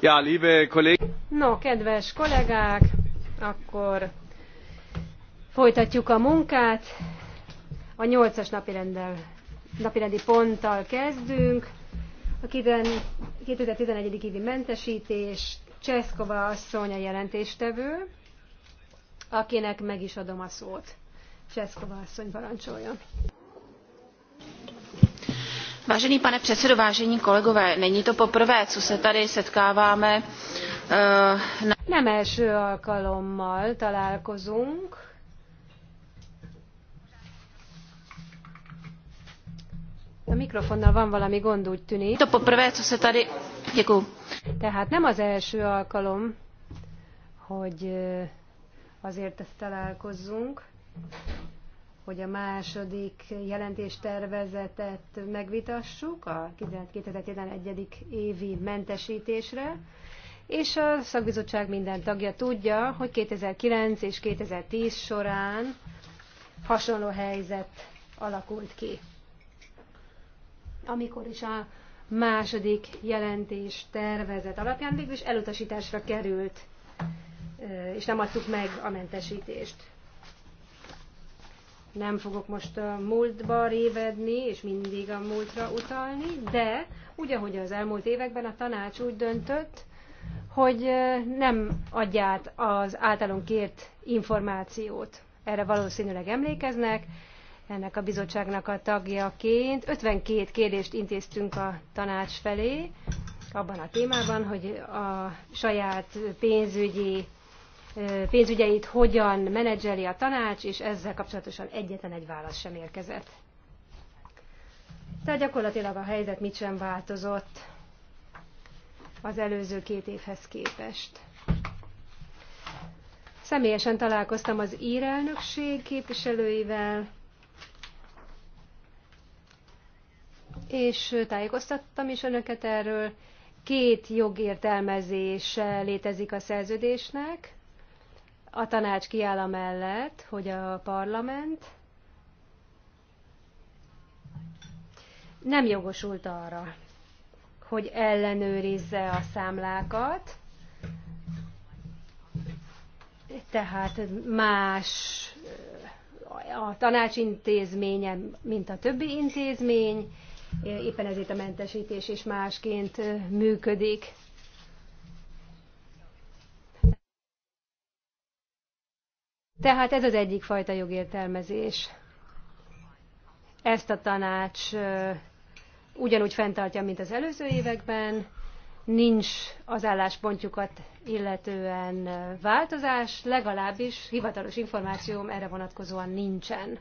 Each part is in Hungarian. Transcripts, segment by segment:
Ja, liebe No, kedves kollégák, akkor folytatjuk a munkát. A nyolcas napirendel, napirendi ponttal kezdünk. A 2011. évi mentesítés, Cseszkova asszony a jelentéstevő, akinek meg is adom a szót. Cseszkova asszony parancsoljon. Vážený pane předsedo, vážení kolegové, není to poprvé, co se tady setkáváme. Uh, na... Nem első alkalommal találkozunk. A mikrofonnal van valami gond, úgy tűnik. To poprvé, co se tady... Děkuju. Tehát nem az első alkalom, hogy eh, azért ezt találkozzunk hogy a második jelentéstervezetet megvitassuk a 2011. évi mentesítésre, és a szakbizottság minden tagja tudja, hogy 2009 és 2010 során hasonló helyzet alakult ki. Amikor is a második jelentés tervezet alapján végül is elutasításra került, és nem adtuk meg a mentesítést nem fogok most a múltba révedni, és mindig a múltra utalni, de úgy, ahogy az elmúlt években a tanács úgy döntött, hogy nem adja az általunk kért információt. Erre valószínűleg emlékeznek. Ennek a bizottságnak a tagjaként 52 kérdést intéztünk a tanács felé, abban a témában, hogy a saját pénzügyi pénzügyeit hogyan menedzseli a tanács, és ezzel kapcsolatosan egyetlen egy válasz sem érkezett. Tehát gyakorlatilag a helyzet mit sem változott az előző két évhez képest. Személyesen találkoztam az ír elnökség képviselőivel, és tájékoztattam is önöket erről. Két jogértelmezés létezik a szerződésnek. A tanács kiáll mellett, hogy a parlament nem jogosult arra, hogy ellenőrizze a számlákat, tehát más a tanács intézménye, mint a többi intézmény, éppen ezért a mentesítés is másként működik. Tehát ez az egyik fajta jogértelmezés. Ezt a tanács ugyanúgy fenntartja, mint az előző években, nincs az álláspontjukat illetően változás, legalábbis hivatalos információm erre vonatkozóan nincsen.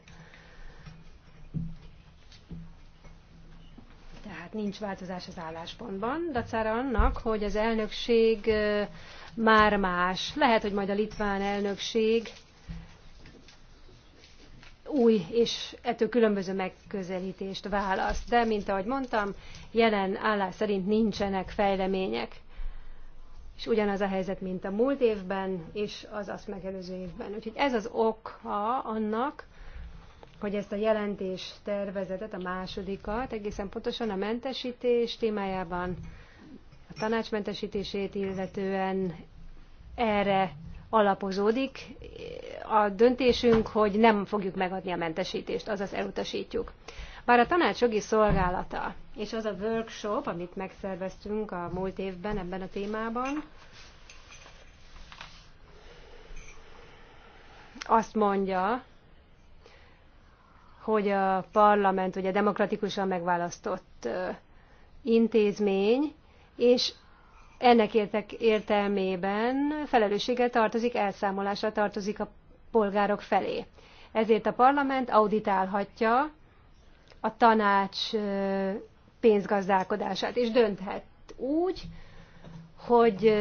Tehát nincs változás az álláspontban, dacára annak, hogy az elnökség már más. Lehet, hogy majd a litván elnökség új és ettől különböző megközelítést választ. De, mint ahogy mondtam, jelen állás szerint nincsenek fejlemények. És ugyanaz a helyzet, mint a múlt évben, és az azt megelőző évben. Úgyhogy ez az oka annak, hogy ezt a jelentés tervezetet, a másodikat, egészen pontosan a mentesítés témájában, a tanácsmentesítését illetően erre alapozódik, a döntésünk, hogy nem fogjuk megadni a mentesítést, azaz elutasítjuk. Bár a tanács jogi szolgálata és az a workshop, amit megszerveztünk a múlt évben ebben a témában, azt mondja, hogy a parlament ugye demokratikusan megválasztott intézmény, és ennek értek értelmében felelősséggel tartozik, elszámolásra tartozik a polgárok felé. Ezért a parlament auditálhatja a tanács pénzgazdálkodását, és dönthet úgy, hogy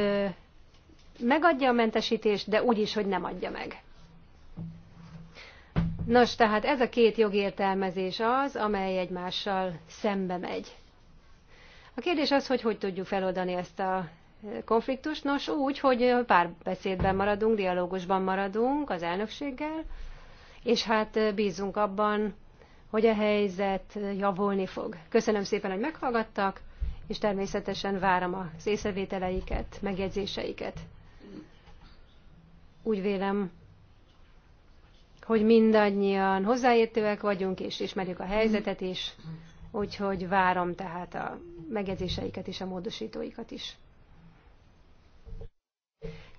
megadja a mentesítést, de úgy is, hogy nem adja meg. Nos, tehát ez a két jogértelmezés az, amely egymással szembe megy. A kérdés az, hogy hogy tudjuk feloldani ezt a konfliktus? Nos, úgy, hogy párbeszédben maradunk, dialógusban maradunk az elnökséggel, és hát bízunk abban, hogy a helyzet javulni fog. Köszönöm szépen, hogy meghallgattak, és természetesen várom a észrevételeiket, megjegyzéseiket. Úgy vélem, hogy mindannyian hozzáértőek vagyunk, és ismerjük a helyzetet is, úgyhogy várom tehát a megjegyzéseiket és a módosítóikat is.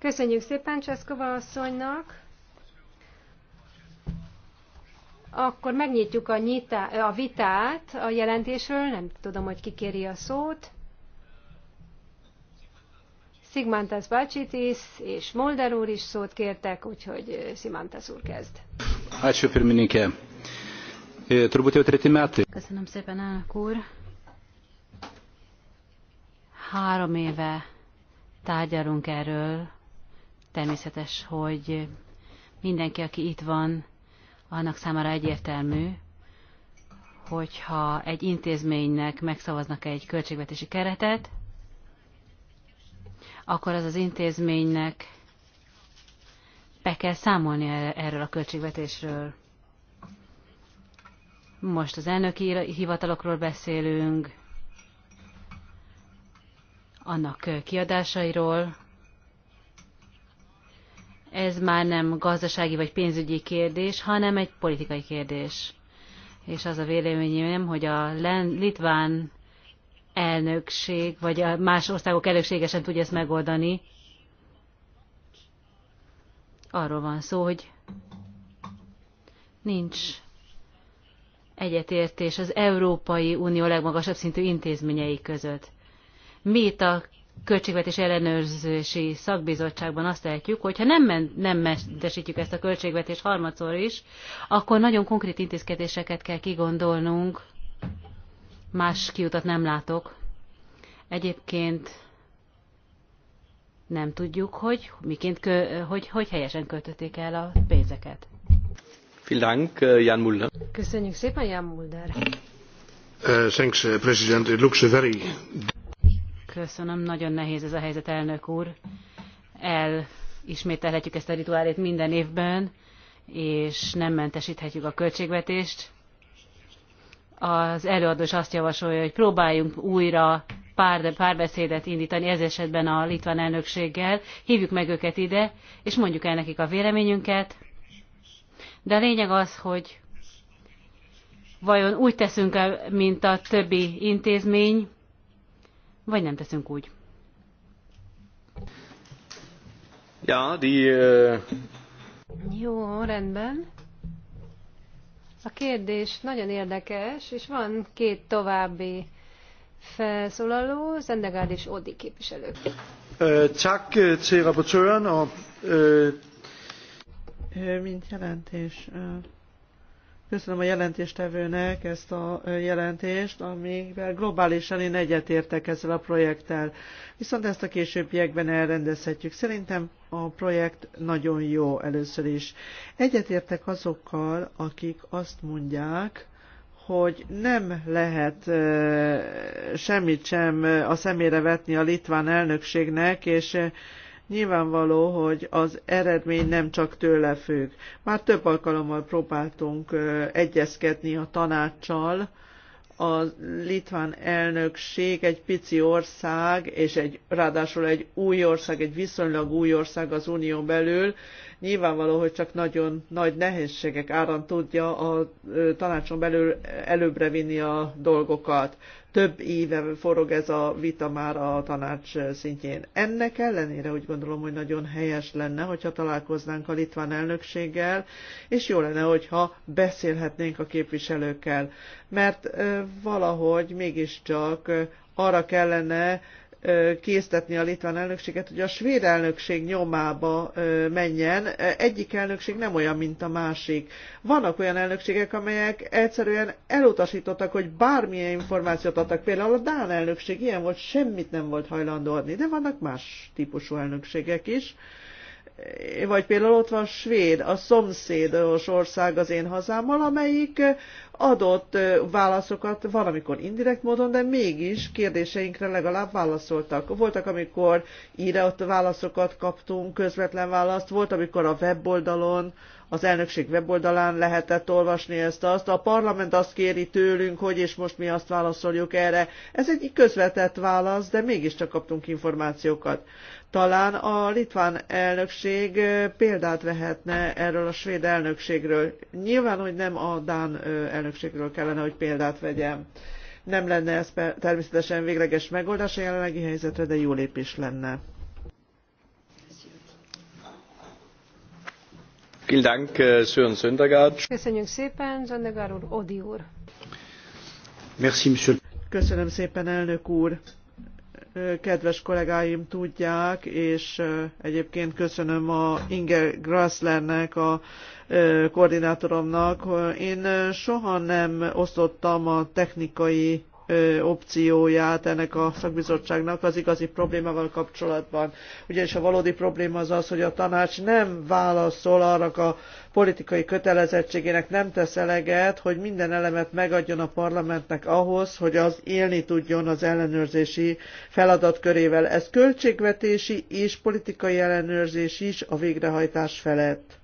Köszönjük szépen Cseszkova asszonynak. Akkor megnyitjuk a, nyitá, a vitát a jelentésről. Nem tudom, hogy ki kéri a szót. Szigmantas Bacsitis és Molder úr is szót kértek, úgyhogy Szimantas úr kezd. E, Köszönöm szépen, elnök úr. Három éve tárgyalunk erről Természetes, hogy mindenki, aki itt van, annak számára egyértelmű, hogyha egy intézménynek megszavaznak egy költségvetési keretet, akkor az az intézménynek be kell számolni erről a költségvetésről. Most az elnöki hivatalokról beszélünk, annak kiadásairól, ez már nem gazdasági vagy pénzügyi kérdés, hanem egy politikai kérdés. És az a véleményem, hogy a litván elnökség, vagy a más országok elnökségesen tudja ezt megoldani. Arról van szó, hogy nincs egyetértés az Európai Unió legmagasabb szintű intézményei között. Mi itt a költségvetés ellenőrzési szakbizottságban azt tehetjük, hogy ha nem, men, nem mentesítjük ezt a költségvetést harmadszor is, akkor nagyon konkrét intézkedéseket kell kigondolnunk. Más kiutat nem látok. Egyébként nem tudjuk, hogy miként, kö, hogy, hogy helyesen költötték el a pénzeket. Äh, Köszönjük szépen, Jan Mulder. Uh, thanks, uh, President. It looks a very Köszönöm, nagyon nehéz ez a helyzet, elnök úr. Elismételhetjük ezt a rituálét minden évben, és nem mentesíthetjük a költségvetést. Az előadó is azt javasolja, hogy próbáljunk újra pár, párbeszédet indítani, ez esetben a litván elnökséggel. Hívjuk meg őket ide, és mondjuk el nekik a véleményünket. De a lényeg az, hogy vajon úgy teszünk-e, mint a többi intézmény, vagy nem teszünk úgy. Ja, die... Eh, Jó, rendben. A kérdés nagyon érdekes, és van két további felszólaló, Zendegárd és Odi képviselők. Eh, tak eh, til rapportøren uh, mint jelentés Köszönöm a jelentéstevőnek ezt a jelentést, amivel globálisan én egyetértek ezzel a projekttel. Viszont ezt a későbbiekben elrendezhetjük. Szerintem a projekt nagyon jó először is. Egyetértek azokkal, akik azt mondják, hogy nem lehet semmit sem a szemére vetni a litván elnökségnek, és Nyilvánvaló, hogy az eredmény nem csak tőle függ. Már több alkalommal próbáltunk egyezkedni a tanácssal, a litván elnökség egy pici ország, és egy, ráadásul egy új ország, egy viszonylag új ország az Unió belül, Nyilvánvaló, hogy csak nagyon nagy nehézségek árán tudja a tanácson belül előbbre vinni a dolgokat. Több éve forog ez a vita már a tanács szintjén. Ennek ellenére úgy gondolom, hogy nagyon helyes lenne, hogyha találkoznánk a litván elnökséggel, és jó lenne, hogyha beszélhetnénk a képviselőkkel. Mert valahogy mégiscsak arra kellene késztetni a litván elnökséget, hogy a svéd elnökség nyomába menjen. Egyik elnökség nem olyan, mint a másik. Vannak olyan elnökségek, amelyek egyszerűen elutasítottak, hogy bármilyen információt adtak. Például a Dán elnökség ilyen volt, semmit nem volt hajlandó adni, de vannak más típusú elnökségek is vagy például ott van Svéd, a szomszédos ország az én hazámmal, amelyik adott válaszokat valamikor indirekt módon, de mégis kérdéseinkre legalább válaszoltak. Voltak, amikor írott válaszokat kaptunk, közvetlen választ, volt, amikor a weboldalon, az elnökség weboldalán lehetett olvasni ezt azt. A parlament azt kéri tőlünk, hogy és most mi azt válaszoljuk erre. Ez egy közvetett válasz, de mégiscsak kaptunk információkat. Talán a litván elnökség példát vehetne erről a svéd elnökségről. Nyilván, hogy nem a dán elnökség elnökségről kellene, hogy példát vegyem. Nem lenne ez természetesen végleges megoldás a jelenlegi helyzetre, de jó lépés lenne. Äh, Köszönjük szépen, Zöndegár úr, Odi úr. Köszönöm szépen, elnök úr kedves kollégáim tudják, és egyébként köszönöm a Inge Grasslernek, a koordinátoromnak. Én soha nem osztottam a technikai opcióját ennek a szakbizottságnak az igazi problémával kapcsolatban. Ugyanis a valódi probléma az az, hogy a tanács nem válaszol arra a politikai kötelezettségének nem tesz eleget, hogy minden elemet megadjon a parlamentnek ahhoz, hogy az élni tudjon az ellenőrzési feladatkörével. Ez költségvetési és politikai ellenőrzés is a végrehajtás felett.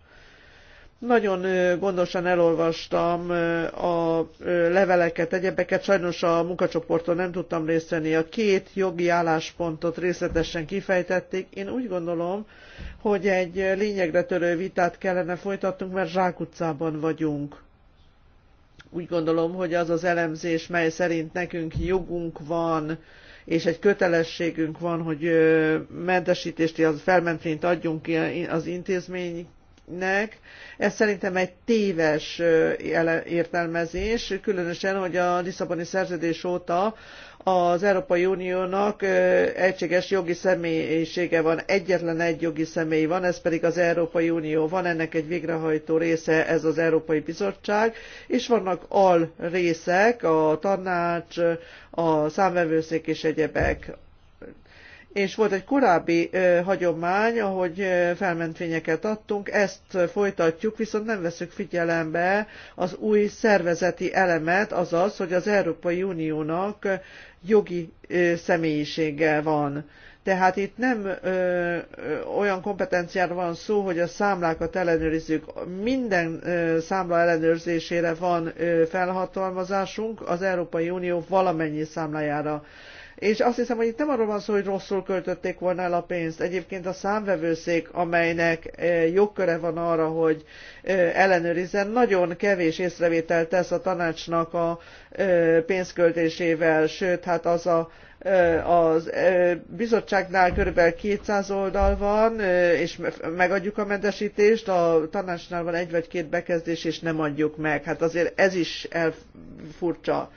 Nagyon gondosan elolvastam a leveleket, egyebeket. Sajnos a munkacsoporton nem tudtam részt venni. A két jogi álláspontot részletesen kifejtették. Én úgy gondolom, hogy egy lényegre törő vitát kellene folytatnunk, mert zsákutcában vagyunk. Úgy gondolom, hogy az az elemzés, mely szerint nekünk jogunk van, és egy kötelességünk van, hogy mentesítést, az felmentvényt adjunk az intézmény nek. Ez szerintem egy téves értelmezés, különösen, hogy a Lisszaboni szerződés óta az Európai Uniónak egységes jogi személyisége van, egyetlen egy jogi személy van, ez pedig az Európai Unió. Van ennek egy végrehajtó része, ez az Európai Bizottság, és vannak al részek, a tanács, a számvevőszék és egyebek és volt egy korábbi ö, hagyomány, ahogy ö, felmentvényeket adtunk, ezt folytatjuk, viszont nem veszük figyelembe az új szervezeti elemet, azaz, hogy az Európai Uniónak jogi ö, személyisége van. Tehát itt nem ö, ö, olyan kompetenciára van szó, hogy a számlákat ellenőrizzük. Minden ö, számla ellenőrzésére van ö, felhatalmazásunk az Európai Unió valamennyi számlájára. És azt hiszem, hogy itt nem arról van szó, hogy rosszul költötték volna el a pénzt. Egyébként a számvevőszék, amelynek e, jogköre van arra, hogy e, ellenőrizzen, nagyon kevés észrevételt tesz a tanácsnak a e, pénzköltésével, sőt, hát az a az bizottságnál körülbelül 200 oldal van, és megadjuk a mentesítést, a tanácsnál van egy vagy két bekezdés, és nem adjuk meg. Hát azért ez is furcsa.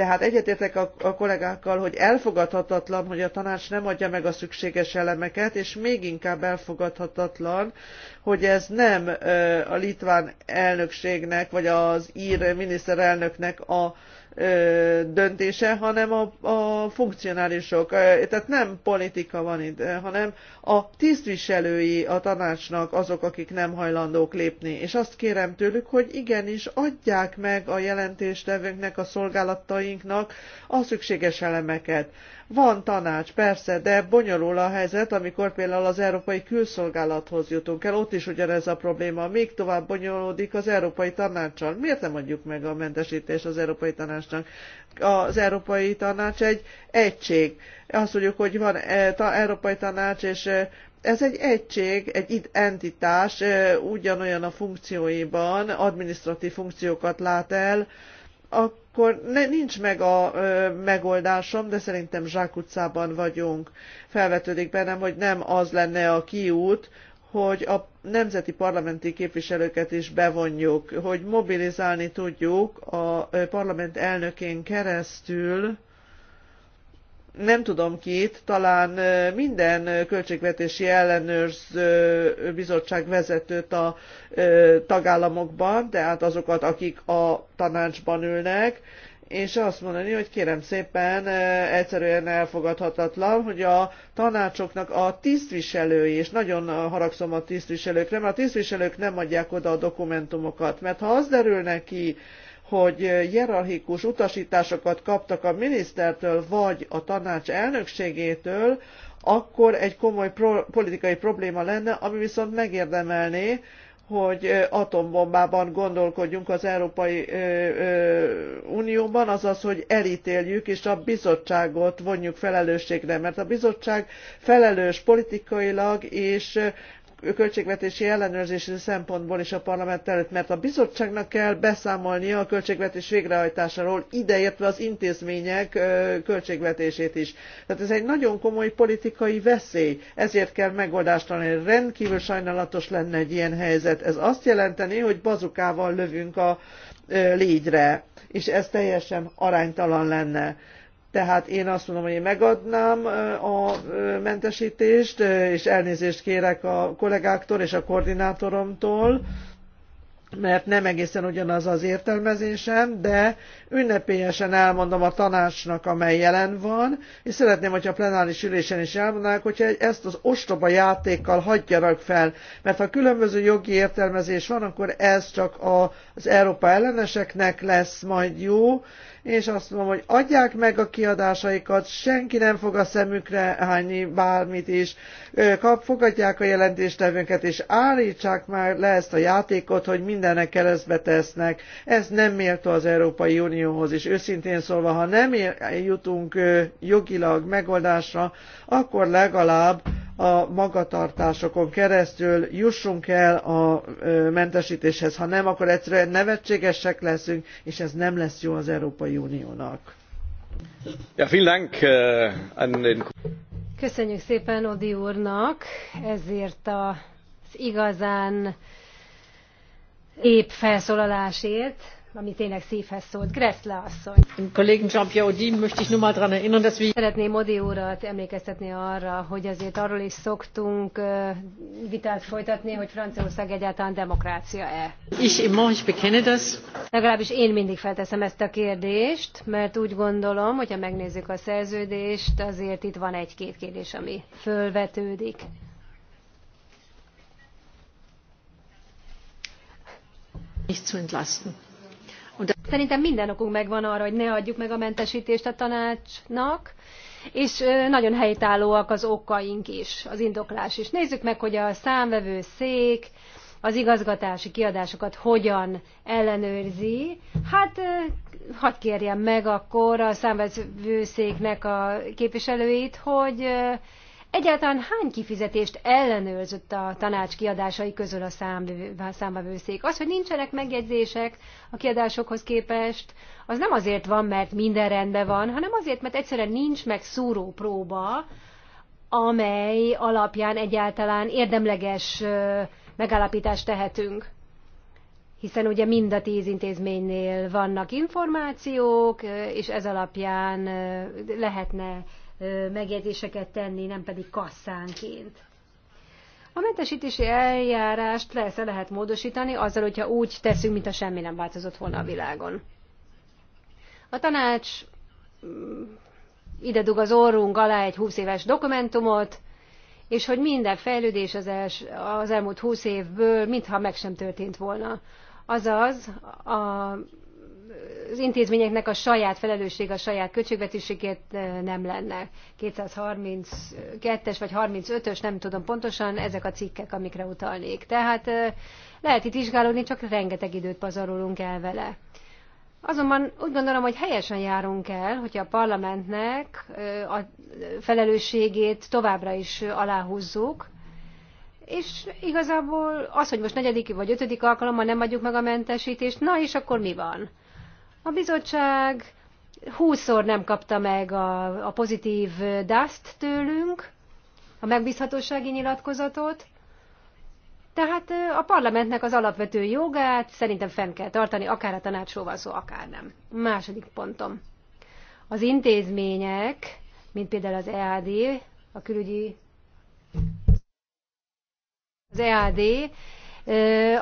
Tehát egyetértek a, a kollégákkal, hogy elfogadhatatlan, hogy a tanács nem adja meg a szükséges elemeket, és még inkább elfogadhatatlan, hogy ez nem a litván elnökségnek, vagy az ír miniszterelnöknek a döntése, hanem a, a funkcionálisok. Tehát nem politika van itt, hanem a tisztviselői a tanácsnak azok, akik nem hajlandók lépni. És azt kérem tőlük, hogy igenis adják meg a jelentéstevőnknek, a szolgálatainknak a szükséges elemeket. Van tanács, persze, de bonyolul a helyzet, amikor például az Európai Külszolgálathoz jutunk el, ott is ugyanez a probléma, még tovább bonyolódik az Európai Tanácssal. Miért nem adjuk meg a mentesítést az Európai Tanácsnak? Az Európai Tanács egy egység. Azt mondjuk, hogy van e, Európai Tanács, és e, ez egy egység, egy entitás, e, ugyanolyan a funkcióiban, administratív funkciókat lát el, akkor ne, nincs meg a ö, megoldásom, de szerintem zsákutcában vagyunk. Felvetődik bennem, hogy nem az lenne a kiút, hogy a nemzeti parlamenti képviselőket is bevonjuk, hogy mobilizálni tudjuk a parlament elnökén keresztül, nem tudom kit, talán minden költségvetési ellenőrző bizottság vezetőt a tagállamokban, tehát azokat, akik a tanácsban ülnek, és azt mondani, hogy kérem szépen, egyszerűen elfogadhatatlan, hogy a tanácsoknak a tisztviselői, és nagyon haragszom a tisztviselőkre, mert a tisztviselők nem adják oda a dokumentumokat, mert ha az derül neki, hogy hierarchikus utasításokat kaptak a minisztertől vagy a tanács elnökségétől, akkor egy komoly pro- politikai probléma lenne, ami viszont megérdemelné, hogy atombombában gondolkodjunk az Európai Unióban, azaz, hogy elítéljük és a bizottságot vonjuk felelősségre, mert a bizottság felelős politikailag és költségvetési ellenőrzési szempontból is a parlament előtt, mert a bizottságnak kell beszámolnia a költségvetés végrehajtásáról, ideértve az intézmények költségvetését is. Tehát ez egy nagyon komoly politikai veszély, ezért kell megoldást találni. Rendkívül sajnálatos lenne egy ilyen helyzet. Ez azt jelenteni, hogy bazukával lövünk a légyre, és ez teljesen aránytalan lenne. Tehát én azt mondom, hogy én megadnám a mentesítést, és elnézést kérek a kollégáktól és a koordinátoromtól, mert nem egészen ugyanaz az értelmezésem, de ünnepélyesen elmondom a tanácsnak, amely jelen van, és szeretném, hogyha a plenáris ülésen is elmondanák, hogyha ezt az ostoba játékkal hagyjanak fel, mert ha különböző jogi értelmezés van, akkor ez csak az Európa elleneseknek lesz majd jó, és azt mondom, hogy adják meg a kiadásaikat, senki nem fog a szemükre hányni bármit is, kap, fogadják a jelentéstevőnket, és állítsák már le ezt a játékot, hogy mindennek keresztbe tesznek. Ez nem méltó az Európai Unióhoz, és őszintén szólva, ha nem jutunk jogilag megoldásra, akkor legalább a magatartásokon keresztül jussunk el a mentesítéshez. Ha nem, akkor egyszerűen nevetségesek leszünk, és ez nem lesz jó az Európai Uniónak. Ja, vielen Dank äh, Köszönjük szépen Odi úrnak ezért az igazán épp felszólalásért ami tényleg szívhez szólt. Gressle asszony. Szeretném Odi urat emlékeztetni arra, hogy azért arról is szoktunk vitát folytatni, hogy Franciaország egyáltalán demokrácia-e. Legalábbis én mindig felteszem ezt a kérdést, mert úgy gondolom, hogyha megnézzük a szerződést, azért itt van egy-két kérdés, ami fölvetődik. nicht zu entlasten. Szerintem minden okunk megvan arra, hogy ne adjuk meg a mentesítést a tanácsnak, és nagyon helytállóak az okaink is, az indoklás is. Nézzük meg, hogy a számvevő szék az igazgatási kiadásokat hogyan ellenőrzi. Hát hadd kérjem meg akkor a számvevőszéknek a képviselőit, hogy Egyáltalán hány kifizetést ellenőrzött a tanács kiadásai közül a számbevőszék? Az, hogy nincsenek megjegyzések a kiadásokhoz képest, az nem azért van, mert minden rendben van, hanem azért, mert egyszerűen nincs meg szúró próba, amely alapján egyáltalán érdemleges megállapítást tehetünk. Hiszen ugye mind a tíz intézménynél vannak információk, és ez alapján lehetne megjegyzéseket tenni, nem pedig kasszánként. A mentesítési eljárást persze lehet módosítani, azzal, hogyha úgy teszünk, mint a semmi nem változott volna a világon. A tanács mm, ide dug az orrunk alá egy 20 éves dokumentumot, és hogy minden fejlődés az, els, az elmúlt 20 évből mintha meg sem történt volna. Azaz, a az intézményeknek a saját felelőssége, a saját költségvetésükért eh, nem lenne. 232-es vagy 35-ös, nem tudom pontosan, ezek a cikkek, amikre utalnék. Tehát eh, lehet itt vizsgálódni, csak rengeteg időt pazarolunk el vele. Azonban úgy gondolom, hogy helyesen járunk el, hogyha a parlamentnek eh, a felelősségét továbbra is aláhúzzuk, és igazából az, hogy most negyedik vagy ötödik alkalommal nem adjuk meg a mentesítést, na és akkor mi van? A bizottság húszszor nem kapta meg a, a pozitív dust tőlünk, a megbízhatósági nyilatkozatot, tehát a parlamentnek az alapvető jogát szerintem fenn kell tartani, akár a tanácsról van szó, akár nem. Második pontom. Az intézmények, mint például az EAD, a külügyi az EAD,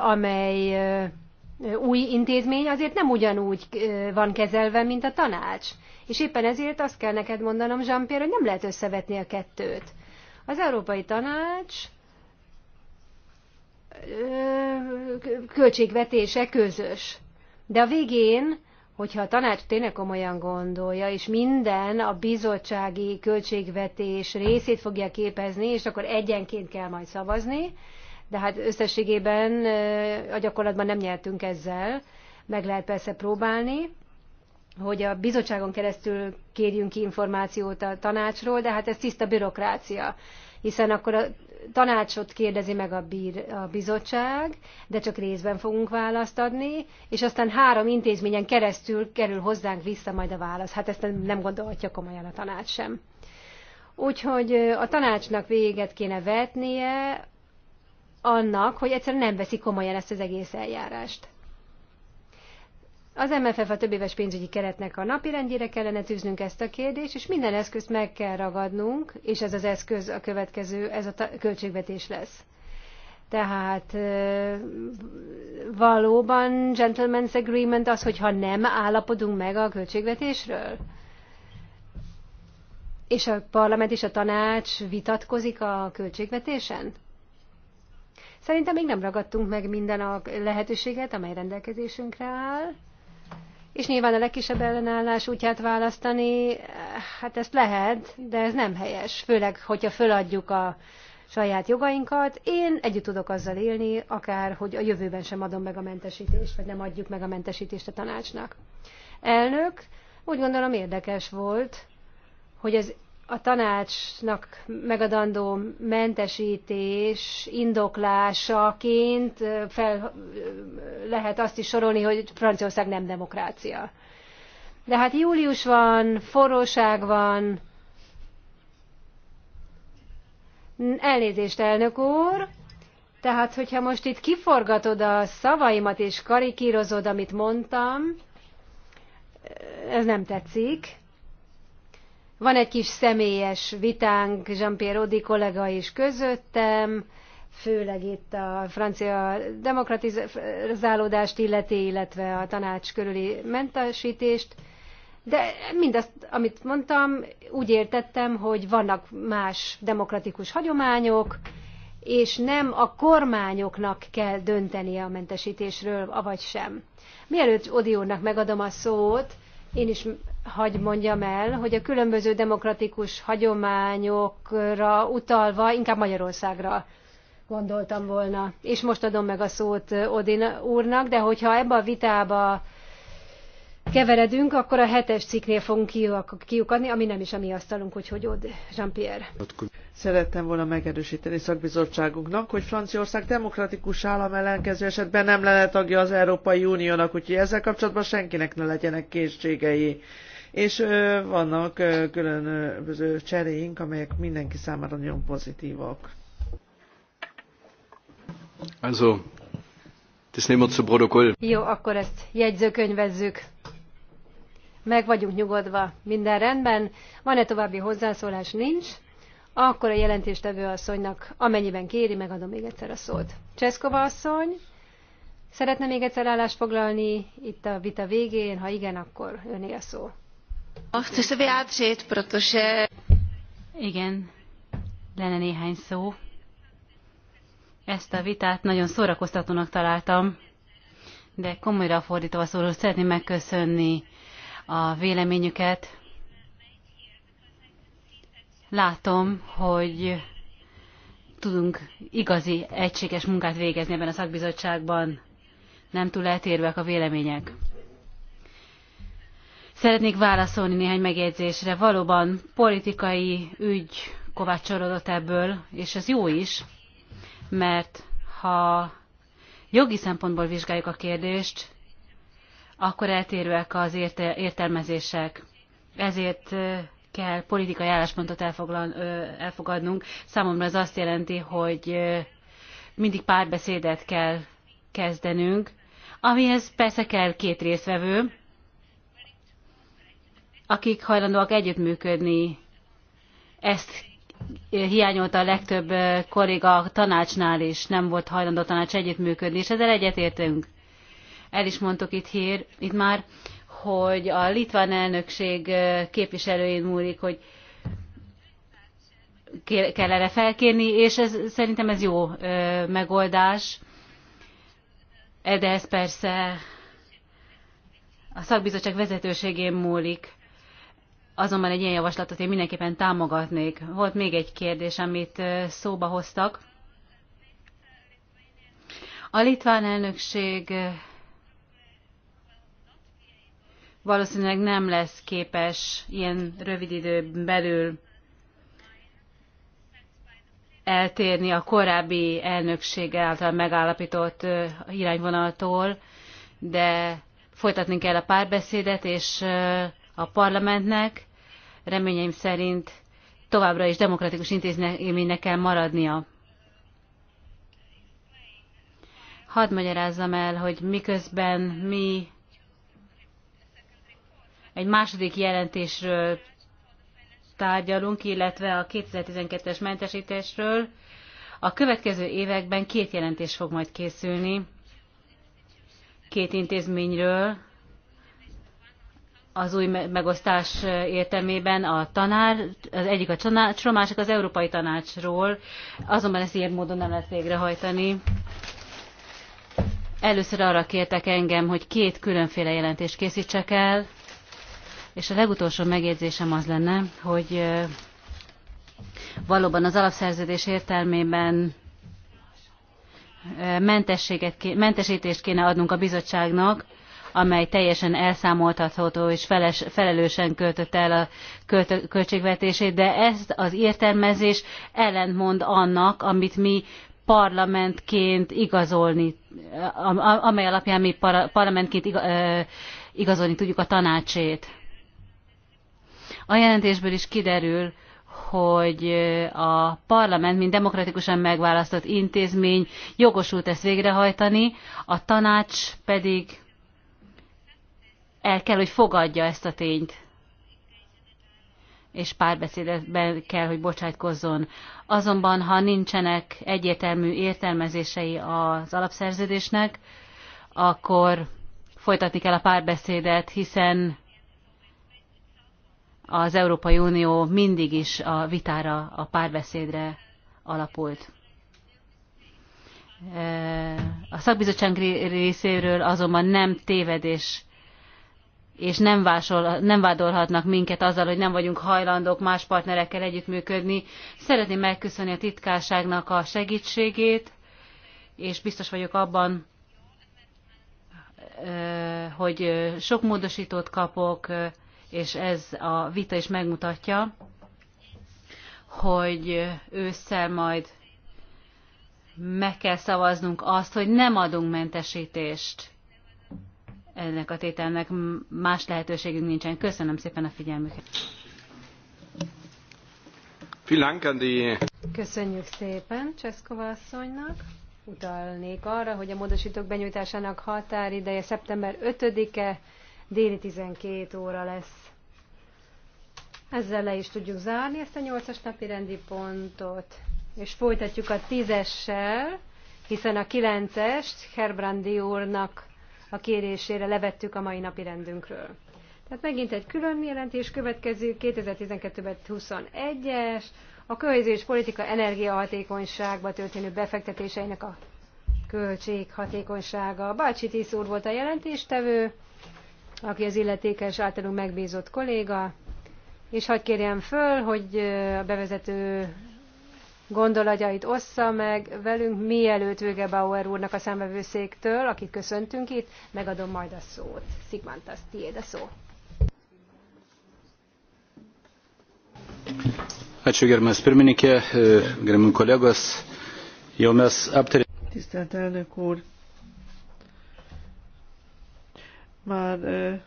amely új intézmény azért nem ugyanúgy van kezelve, mint a tanács. És éppen ezért azt kell neked mondanom, jean hogy nem lehet összevetni a kettőt. Az Európai Tanács költségvetése közös. De a végén, hogyha a tanács tényleg komolyan gondolja, és minden a bizottsági költségvetés részét fogja képezni, és akkor egyenként kell majd szavazni, de hát összességében a gyakorlatban nem nyertünk ezzel. Meg lehet persze próbálni, hogy a bizottságon keresztül kérjünk ki információt a tanácsról, de hát ez tiszta bürokrácia, hiszen akkor a tanácsot kérdezi meg a, bír, a bizottság, de csak részben fogunk választ adni, és aztán három intézményen keresztül kerül hozzánk vissza majd a válasz. Hát ezt nem gondolhatja komolyan a tanács sem. Úgyhogy a tanácsnak véget kéne vetnie annak, hogy egyszerűen nem veszik komolyan ezt az egész eljárást. Az MFF a éves pénzügyi keretnek a rendjére kellene tűznünk ezt a kérdést, és minden eszközt meg kell ragadnunk, és ez az eszköz a következő, ez a költségvetés lesz. Tehát valóban gentleman's agreement az, hogyha nem állapodunk meg a költségvetésről? És a parlament és a tanács vitatkozik a költségvetésen? Szerintem még nem ragadtunk meg minden a lehetőséget, amely rendelkezésünkre áll, és nyilván a legkisebb ellenállás útját választani, hát ezt lehet, de ez nem helyes, főleg, hogyha föladjuk a saját jogainkat. Én együtt tudok azzal élni, akár, hogy a jövőben sem adom meg a mentesítést, vagy nem adjuk meg a mentesítést a tanácsnak. Elnök, úgy gondolom érdekes volt, hogy az a tanácsnak megadandó mentesítés indoklásaként fel lehet azt is sorolni, hogy Franciaország nem demokrácia. De hát július van, forróság van. Elnézést, elnök úr. Tehát, hogyha most itt kiforgatod a szavaimat és karikírozod, amit mondtam, ez nem tetszik van egy kis személyes vitánk Jean-Pierre Odi kollega is közöttem, főleg itt a francia demokratizálódást illeti, illetve a tanács körüli mentesítést. De mindazt, amit mondtam, úgy értettem, hogy vannak más demokratikus hagyományok, és nem a kormányoknak kell dönteni a mentesítésről, avagy sem. Mielőtt Odiónak megadom a szót, én is hagy mondjam el, hogy a különböző demokratikus hagyományokra utalva inkább Magyarországra gondoltam volna. És most adom meg a szót Odin úrnak, de hogyha ebbe a vitába keveredünk, akkor a hetes cikknél fogunk kiukadni, ami nem is a mi asztalunk, úgyhogy ott Jean-Pierre. Szerettem volna megerősíteni szakbizottságunknak, hogy Franciaország demokratikus állam ellenkező esetben nem lenne tagja az Európai Uniónak, úgyhogy ezzel kapcsolatban senkinek ne legyenek készségei és vannak különböző cseréink, amelyek mindenki számára nagyon pozitívak. Also, das nehmen wir zu Protokoll. Jó, akkor ezt jegyzőkönyvezzük. Meg vagyunk nyugodva. Minden rendben. Van-e további hozzászólás? Nincs. Akkor a jelentéstevő asszonynak, amennyiben kéri, megadom még egyszer a szót. Cseszkova asszony, szeretne még egyszer állást foglalni itt a vita végén? Ha igen, akkor öné a szó. Chci se vyjádřit, protože... Igen, lenne néhány szó. Ezt a vitát nagyon szórakoztatónak találtam, de komolyra fordítva szóról szeretném megköszönni a véleményüket. Látom, hogy tudunk igazi, egységes munkát végezni ebben a szakbizottságban. Nem túl eltérőek a vélemények. Szeretnék válaszolni néhány megjegyzésre. Valóban politikai ügy kovácsolódott ebből, és ez jó is, mert ha jogi szempontból vizsgáljuk a kérdést, akkor eltérőek az érte, értelmezések. Ezért kell politikai álláspontot elfogadnunk. Számomra ez azt jelenti, hogy mindig párbeszédet kell kezdenünk, amihez persze kell két részvevő, akik hajlandóak együttműködni. Ezt hiányolta a legtöbb kolléga a tanácsnál is, nem volt hajlandó tanács együttműködni, és ezzel egyetértünk. El is mondtuk itt, hír, itt már, hogy a litván elnökség képviselőjén múlik, hogy kell erre felkérni, és ez, szerintem ez jó ö, megoldás. De ez persze a szakbizottság vezetőségén múlik, azonban egy ilyen javaslatot én mindenképpen támogatnék. Volt még egy kérdés, amit szóba hoztak. A litván elnökség valószínűleg nem lesz képes ilyen rövid időn belül eltérni a korábbi elnökség által megállapított irányvonaltól, de folytatni kell a párbeszédet, és a parlamentnek reményeim szerint továbbra is demokratikus intézménynek kell maradnia. Hadd magyarázzam el, hogy miközben mi egy második jelentésről tárgyalunk, illetve a 2012-es mentesítésről, a következő években két jelentés fog majd készülni két intézményről, az új megosztás értelmében a tanár, az egyik a tanácsról, másik az Európai Tanácsról, azonban ezt ilyen módon nem lehet végrehajtani. Először arra kértek engem, hogy két különféle jelentést készítsek el, és a legutolsó megjegyzésem az lenne, hogy valóban az alapszerződés értelmében mentességet, mentesítést kéne adnunk a bizottságnak, amely teljesen elszámoltatható és feles, felelősen költött el a költ, költségvetését, de ez az értelmezés ellentmond annak, amit mi parlamentként igazolni, amely alapján mi parlamentként igazolni tudjuk a tanácsét. A jelentésből is kiderül, hogy a parlament, mint demokratikusan megválasztott intézmény jogosult ezt végrehajtani, a tanács pedig el kell, hogy fogadja ezt a tényt, és párbeszédben kell, hogy bocsájtkozzon. Azonban, ha nincsenek egyértelmű értelmezései az alapszerződésnek, akkor folytatni kell a párbeszédet, hiszen az Európai Unió mindig is a vitára, a párbeszédre alapult. A szakbizottság részéről azonban nem tévedés és nem, vásol, nem vádolhatnak minket azzal, hogy nem vagyunk hajlandók más partnerekkel együttműködni. Szeretném megköszönni a titkárságnak a segítségét, és biztos vagyok abban, hogy sok módosítót kapok, és ez a vita is megmutatja, hogy ősszel majd meg kell szavaznunk azt, hogy nem adunk mentesítést ennek a tételnek más lehetőségünk nincsen. Köszönöm szépen a figyelmüket. Köszönjük szépen Cseszkova asszonynak. Utalnék arra, hogy a módosítók benyújtásának határideje szeptember 5-e déli 12 óra lesz. Ezzel le is tudjuk zárni ezt a 8-as napi rendi pontot. És folytatjuk a 10-essel, hiszen a 9-est Herbrandi úrnak a kérésére levettük a mai napi rendünkről. Tehát megint egy külön jelentés következő, 2012-21-es, a és politika energiahatékonyságba történő befektetéseinek a költséghatékonysága. Bácsi Tisz úr volt a jelentéstevő, aki az illetékes általunk megbízott kolléga, és hadd kérjem föl, hogy a bevezető gondolatait ossza meg velünk, mielőtt Bauer úrnak a számvevőszéktől, akit köszöntünk itt, megadom majd a szót. az tiéd a szó. Ačiū gerbiamas pirmininkė, e, gerbiami kolegos. Jau mes aptarėme. Tisztelt elnök úr! Már ö, e,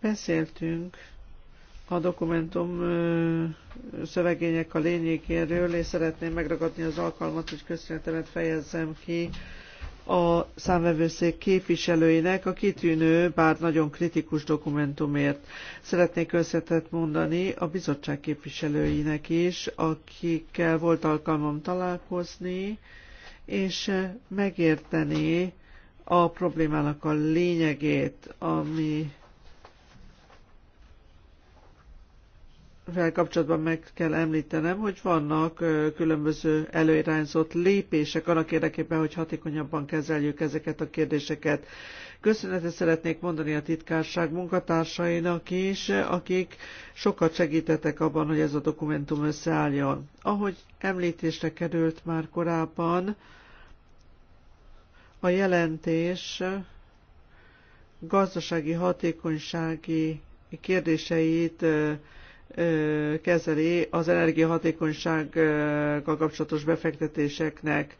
beszéltünk a dokumentum szövegények a lényékéről, és szeretném megragadni az alkalmat, hogy köszönetemet fejezzem ki a számvevőszék képviselőinek a kitűnő, bár nagyon kritikus dokumentumért. Szeretnék összetett mondani a bizottság képviselőinek is, akikkel volt alkalmam találkozni, és megérteni a problémának a lényegét, ami vel kapcsolatban meg kell említenem, hogy vannak különböző előirányzott lépések annak érdekében, hogy hatékonyabban kezeljük ezeket a kérdéseket. Köszönetet szeretnék mondani a titkárság munkatársainak is, akik sokat segítettek abban, hogy ez a dokumentum összeálljon. Ahogy említésre került már korábban, a jelentés gazdasági hatékonysági kérdéseit kezeli az energiahatékonysággal kapcsolatos befektetéseknek.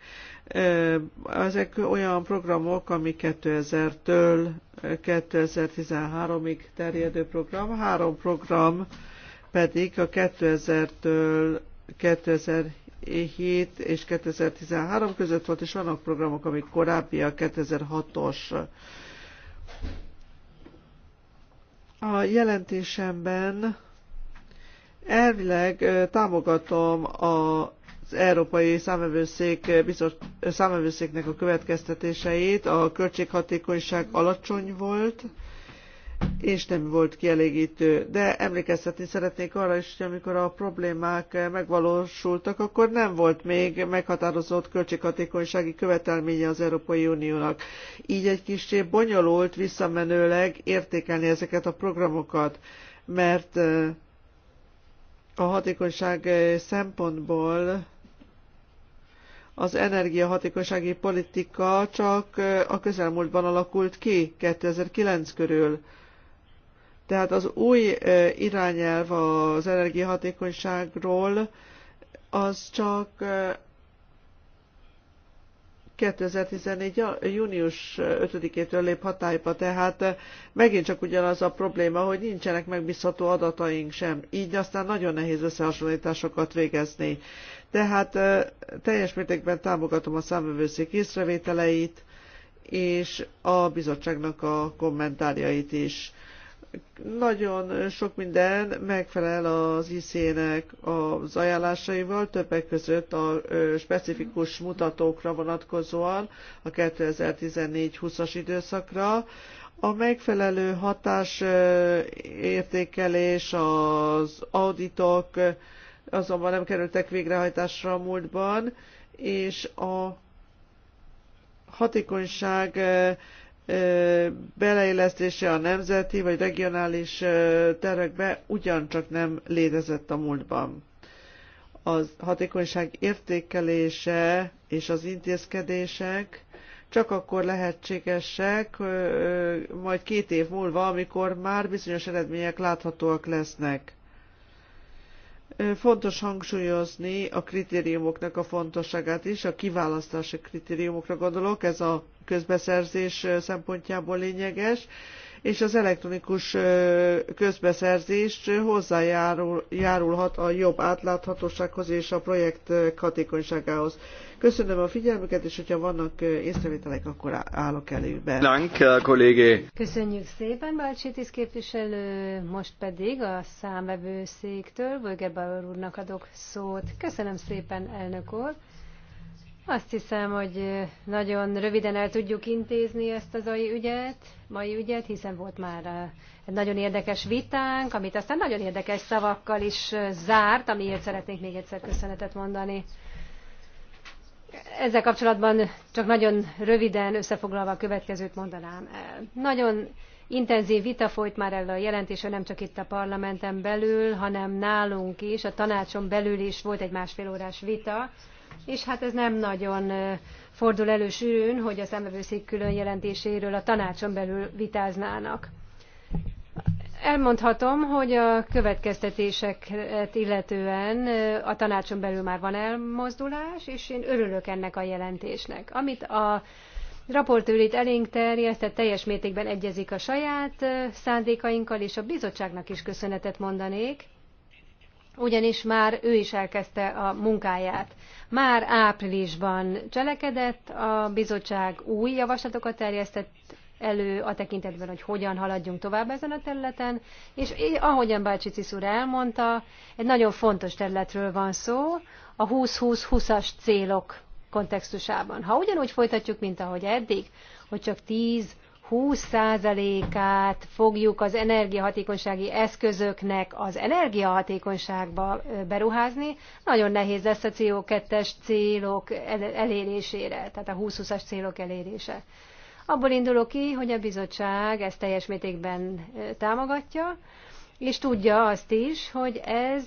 Ezek olyan programok, ami 2000-től 2013-ig terjedő program, három program pedig a 2000-től 2007 és 2013 között volt, és vannak programok, amik korábbi a 2006-os. A jelentésemben Elvileg támogatom a az Európai Számövőszék biztos, a következtetéseit. A költséghatékonyság alacsony volt, és nem volt kielégítő. De emlékeztetni szeretnék arra is, hogy amikor a problémák megvalósultak, akkor nem volt még meghatározott költséghatékonysági követelménye az Európai Uniónak. Így egy kicsit bonyolult visszamenőleg értékelni ezeket a programokat, mert a hatékonyság szempontból az energiahatékonysági politika csak a közelmúltban alakult ki, 2009 körül. Tehát az új irányelv az energiahatékonyságról az csak 2014. június 5-től lép hatályba, tehát eh, megint csak ugyanaz a probléma, hogy nincsenek megbízható adataink sem. Így aztán nagyon nehéz összehasonlításokat végezni. Tehát eh, teljes mértékben támogatom a számövőszék észrevételeit, és a bizottságnak a kommentárjait is nagyon sok minden megfelel az IC-nek az ajánlásaival, többek között a specifikus mutatókra vonatkozóan a 2014-20-as időszakra, a megfelelő hatás az auditok azonban nem kerültek végrehajtásra a múltban, és a hatékonyság beleélesztése a nemzeti vagy regionális tervekbe ugyancsak nem létezett a múltban. A hatékonyság értékelése és az intézkedések csak akkor lehetségesek majd két év múlva, amikor már bizonyos eredmények láthatóak lesznek. Fontos hangsúlyozni a kritériumoknak a fontosságát is, a kiválasztási kritériumokra gondolok, ez a közbeszerzés szempontjából lényeges, és az elektronikus közbeszerzés hozzájárulhat a jobb átláthatósághoz és a projekt hatékonyságához. Köszönöm a figyelmüket, és hogyha vannak észrevételek, akkor állok elébe. Köszönjük szépen, Balcsitis képviselő. Most pedig a számvevőszéktől Bauer úrnak adok szót. Köszönöm szépen, elnök úr. Azt hiszem, hogy nagyon röviden el tudjuk intézni ezt az mai ügyet, mai ügyet, hiszen volt már egy nagyon érdekes vitánk, amit aztán nagyon érdekes szavakkal is zárt, amiért szeretnék még egyszer köszönetet mondani ezzel kapcsolatban csak nagyon röviden összefoglalva a következőt mondanám el. Nagyon intenzív vita folyt már erről a jelentésről, nem csak itt a parlamenten belül, hanem nálunk is, a tanácson belül is volt egy másfél órás vita, és hát ez nem nagyon fordul elő sűrűn, hogy a számvevőszék külön jelentéséről a tanácson belül vitáznának. Elmondhatom, hogy a következtetéseket illetően a tanácson belül már van elmozdulás, és én örülök ennek a jelentésnek. Amit a raportőr itt elénk terjesztett, teljes mértékben egyezik a saját szándékainkkal, és a bizottságnak is köszönetet mondanék, ugyanis már ő is elkezdte a munkáját. Már áprilisban cselekedett, a bizottság új javaslatokat terjesztett elő a tekintetben, hogy hogyan haladjunk tovább ezen a területen, és ahogyan Bácsi Cisz elmondta, egy nagyon fontos területről van szó, a 20-20-20-as célok kontextusában. Ha ugyanúgy folytatjuk, mint ahogy eddig, hogy csak 10-20 százalékát fogjuk az energiahatékonysági eszközöknek az energiahatékonyságba beruházni, nagyon nehéz lesz a CO2-es célok elérésére, tehát a 20-20-as célok elérése. Abból indulok ki, hogy a bizottság ezt teljes mértékben támogatja, és tudja azt is, hogy ez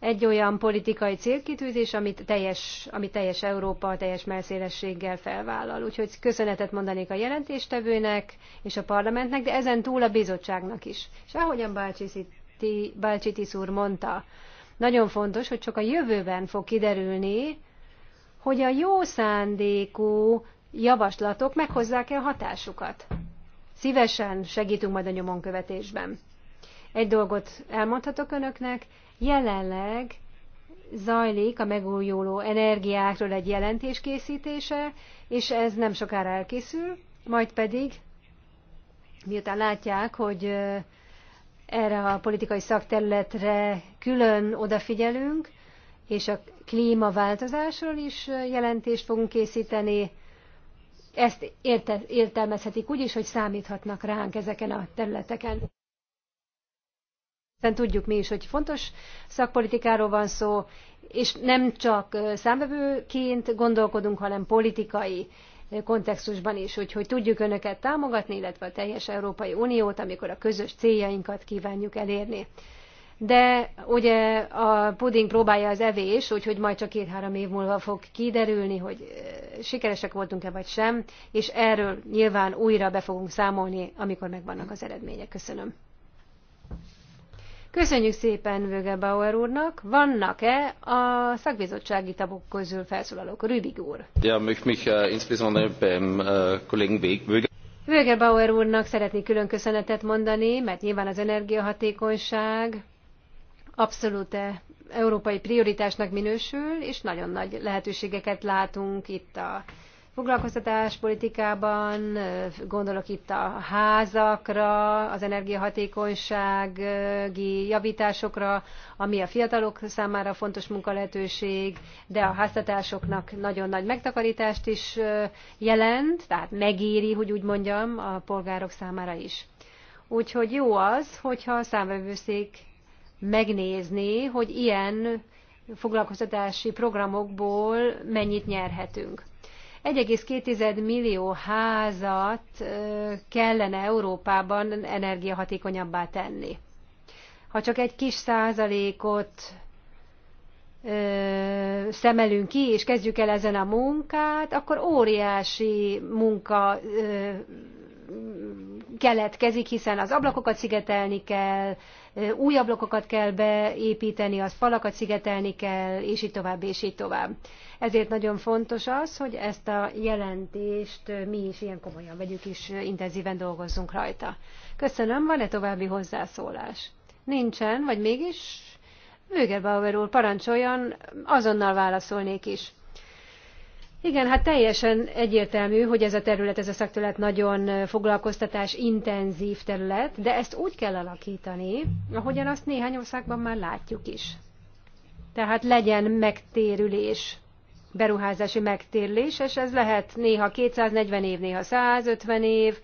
egy olyan politikai célkitűzés, amit teljes, ami teljes Európa teljes melszélességgel felvállal. Úgyhogy köszönetet mondanék a jelentéstevőnek és a parlamentnek, de ezen túl a bizottságnak is. És ahogyan Bácsi úr mondta, nagyon fontos, hogy csak a jövőben fog kiderülni, hogy a jó szándékú javaslatok meghozzák-e a hatásukat. Szívesen segítünk majd a nyomonkövetésben. Egy dolgot elmondhatok önöknek, jelenleg zajlik a megújuló energiákról egy jelentés készítése, és ez nem sokára elkészül, majd pedig, miután látják, hogy erre a politikai szakterületre külön odafigyelünk, és a klímaváltozásról is jelentést fogunk készíteni, ezt érte, értelmezhetik úgy is, hogy számíthatnak ránk ezeken a területeken. Aztán tudjuk mi is, hogy fontos szakpolitikáról van szó, és nem csak számvevőként gondolkodunk, hanem politikai kontextusban is, hogy, hogy tudjuk önöket támogatni, illetve a teljes Európai Uniót, amikor a közös céljainkat kívánjuk elérni de ugye a puding próbálja az evés, úgyhogy majd csak két-három év múlva fog kiderülni, hogy sikeresek voltunk-e vagy sem, és erről nyilván újra be fogunk számolni, amikor megvannak az eredmények. Köszönöm. Köszönjük szépen Vöge Bauer úrnak. Vannak-e a szakbizottsági tagok közül felszólalók? Rübig úr. Ja, mich, mich äh, uh, beim uh, Vöge Bauer úrnak szeretnék külön köszönetet mondani, mert nyilván az energiahatékonyság abszolút eh, európai prioritásnak minősül, és nagyon nagy lehetőségeket látunk itt a foglalkoztatás politikában, eh, gondolok itt a házakra, az energiahatékonysági javításokra, ami a fiatalok számára fontos munkalehetőség, de a háztatásoknak nagyon nagy megtakarítást is eh, jelent, tehát megéri, hogy úgy mondjam, a polgárok számára is. Úgyhogy jó az, hogyha a számvevőszék megnézni, hogy ilyen foglalkoztatási programokból mennyit nyerhetünk. 1,2 millió házat kellene Európában energiahatékonyabbá tenni. Ha csak egy kis százalékot szemelünk ki, és kezdjük el ezen a munkát, akkor óriási munka keletkezik, hiszen az ablakokat szigetelni kell, új ablakokat kell beépíteni, az falakat szigetelni kell, és így tovább, és így tovább. Ezért nagyon fontos az, hogy ezt a jelentést mi is ilyen komolyan vegyük, és intenzíven dolgozzunk rajta. Köszönöm, van-e további hozzászólás? Nincsen, vagy mégis? Vögerbauer úr, parancsoljon, azonnal válaszolnék is. Igen, hát teljesen egyértelmű, hogy ez a terület, ez a szakterület nagyon foglalkoztatás intenzív terület, de ezt úgy kell alakítani, ahogyan azt néhány országban már látjuk is. Tehát legyen megtérülés, beruházási megtérülés, és ez lehet néha 240 év, néha 150 év,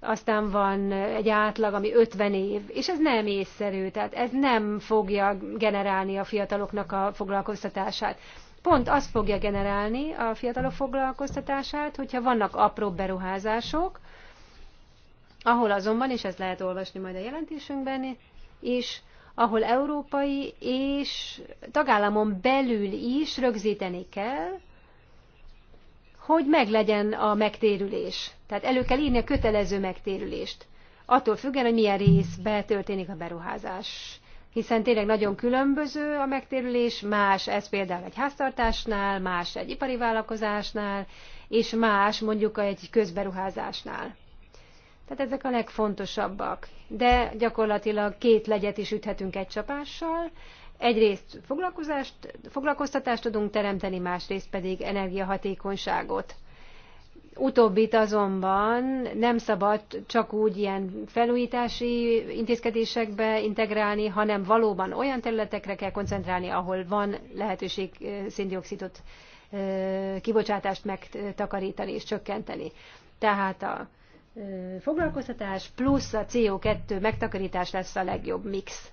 aztán van egy átlag, ami 50 év, és ez nem észszerű, tehát ez nem fogja generálni a fiataloknak a foglalkoztatását pont az fogja generálni a fiatalok foglalkoztatását, hogyha vannak apró beruházások, ahol azonban, és ezt lehet olvasni majd a jelentésünkben és ahol európai és tagállamon belül is rögzíteni kell, hogy meglegyen a megtérülés. Tehát elő kell írni a kötelező megtérülést. Attól függően, hogy milyen részbe történik a beruházás hiszen tényleg nagyon különböző a megtérülés, más ez például egy háztartásnál, más egy ipari vállalkozásnál, és más mondjuk egy közberuházásnál. Tehát ezek a legfontosabbak. De gyakorlatilag két legyet is üthetünk egy csapással. Egyrészt foglalkoztatást tudunk teremteni, másrészt pedig energiahatékonyságot. Utóbbit azonban nem szabad csak úgy ilyen felújítási intézkedésekbe integrálni, hanem valóban olyan területekre kell koncentrálni, ahol van lehetőség széndiokszidot kibocsátást megtakarítani és csökkenteni. Tehát a foglalkoztatás plusz a CO2 megtakarítás lesz a legjobb mix.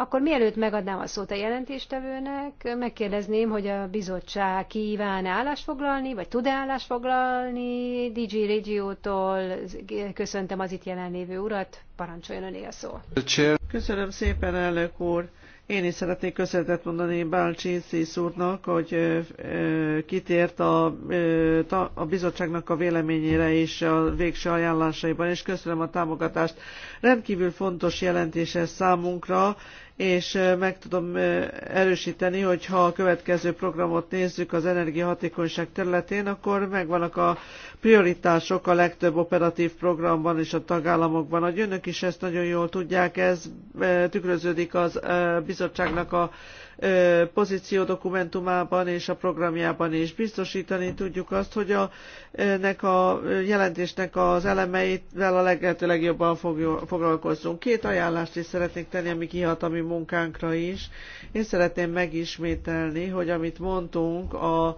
Akkor mielőtt megadnám a szót a jelentéstevőnek, megkérdezném, hogy a bizottság kíván -e állást foglalni, vagy tud-e állást foglalni DG Régiótól. Köszöntöm az itt jelenlévő urat, parancsoljon öné a szó. Köszönöm szépen, elnök úr. Én is szeretnék köszönetet mondani Bálcsinszisz úrnak, hogy kitért a, a bizottságnak a véleményére és a végső ajánlásaiban, és köszönöm a támogatást. Rendkívül fontos jelentés ez számunkra, és meg tudom erősíteni, hogy ha a következő programot nézzük az energiahatékonyság területén, akkor megvannak a prioritások a legtöbb operatív programban és a tagállamokban. A önök is ezt nagyon jól tudják, ez tükröződik az bizottságnak a pozíció dokumentumában és a programjában is. Biztosítani tudjuk azt, hogy a, ennek a jelentésnek az elemeivel a lehető legjobban foglalkozzunk. Két ajánlást is szeretnék tenni, ami kihat a mi munkánkra is. Én szeretném megismételni, hogy amit mondtunk a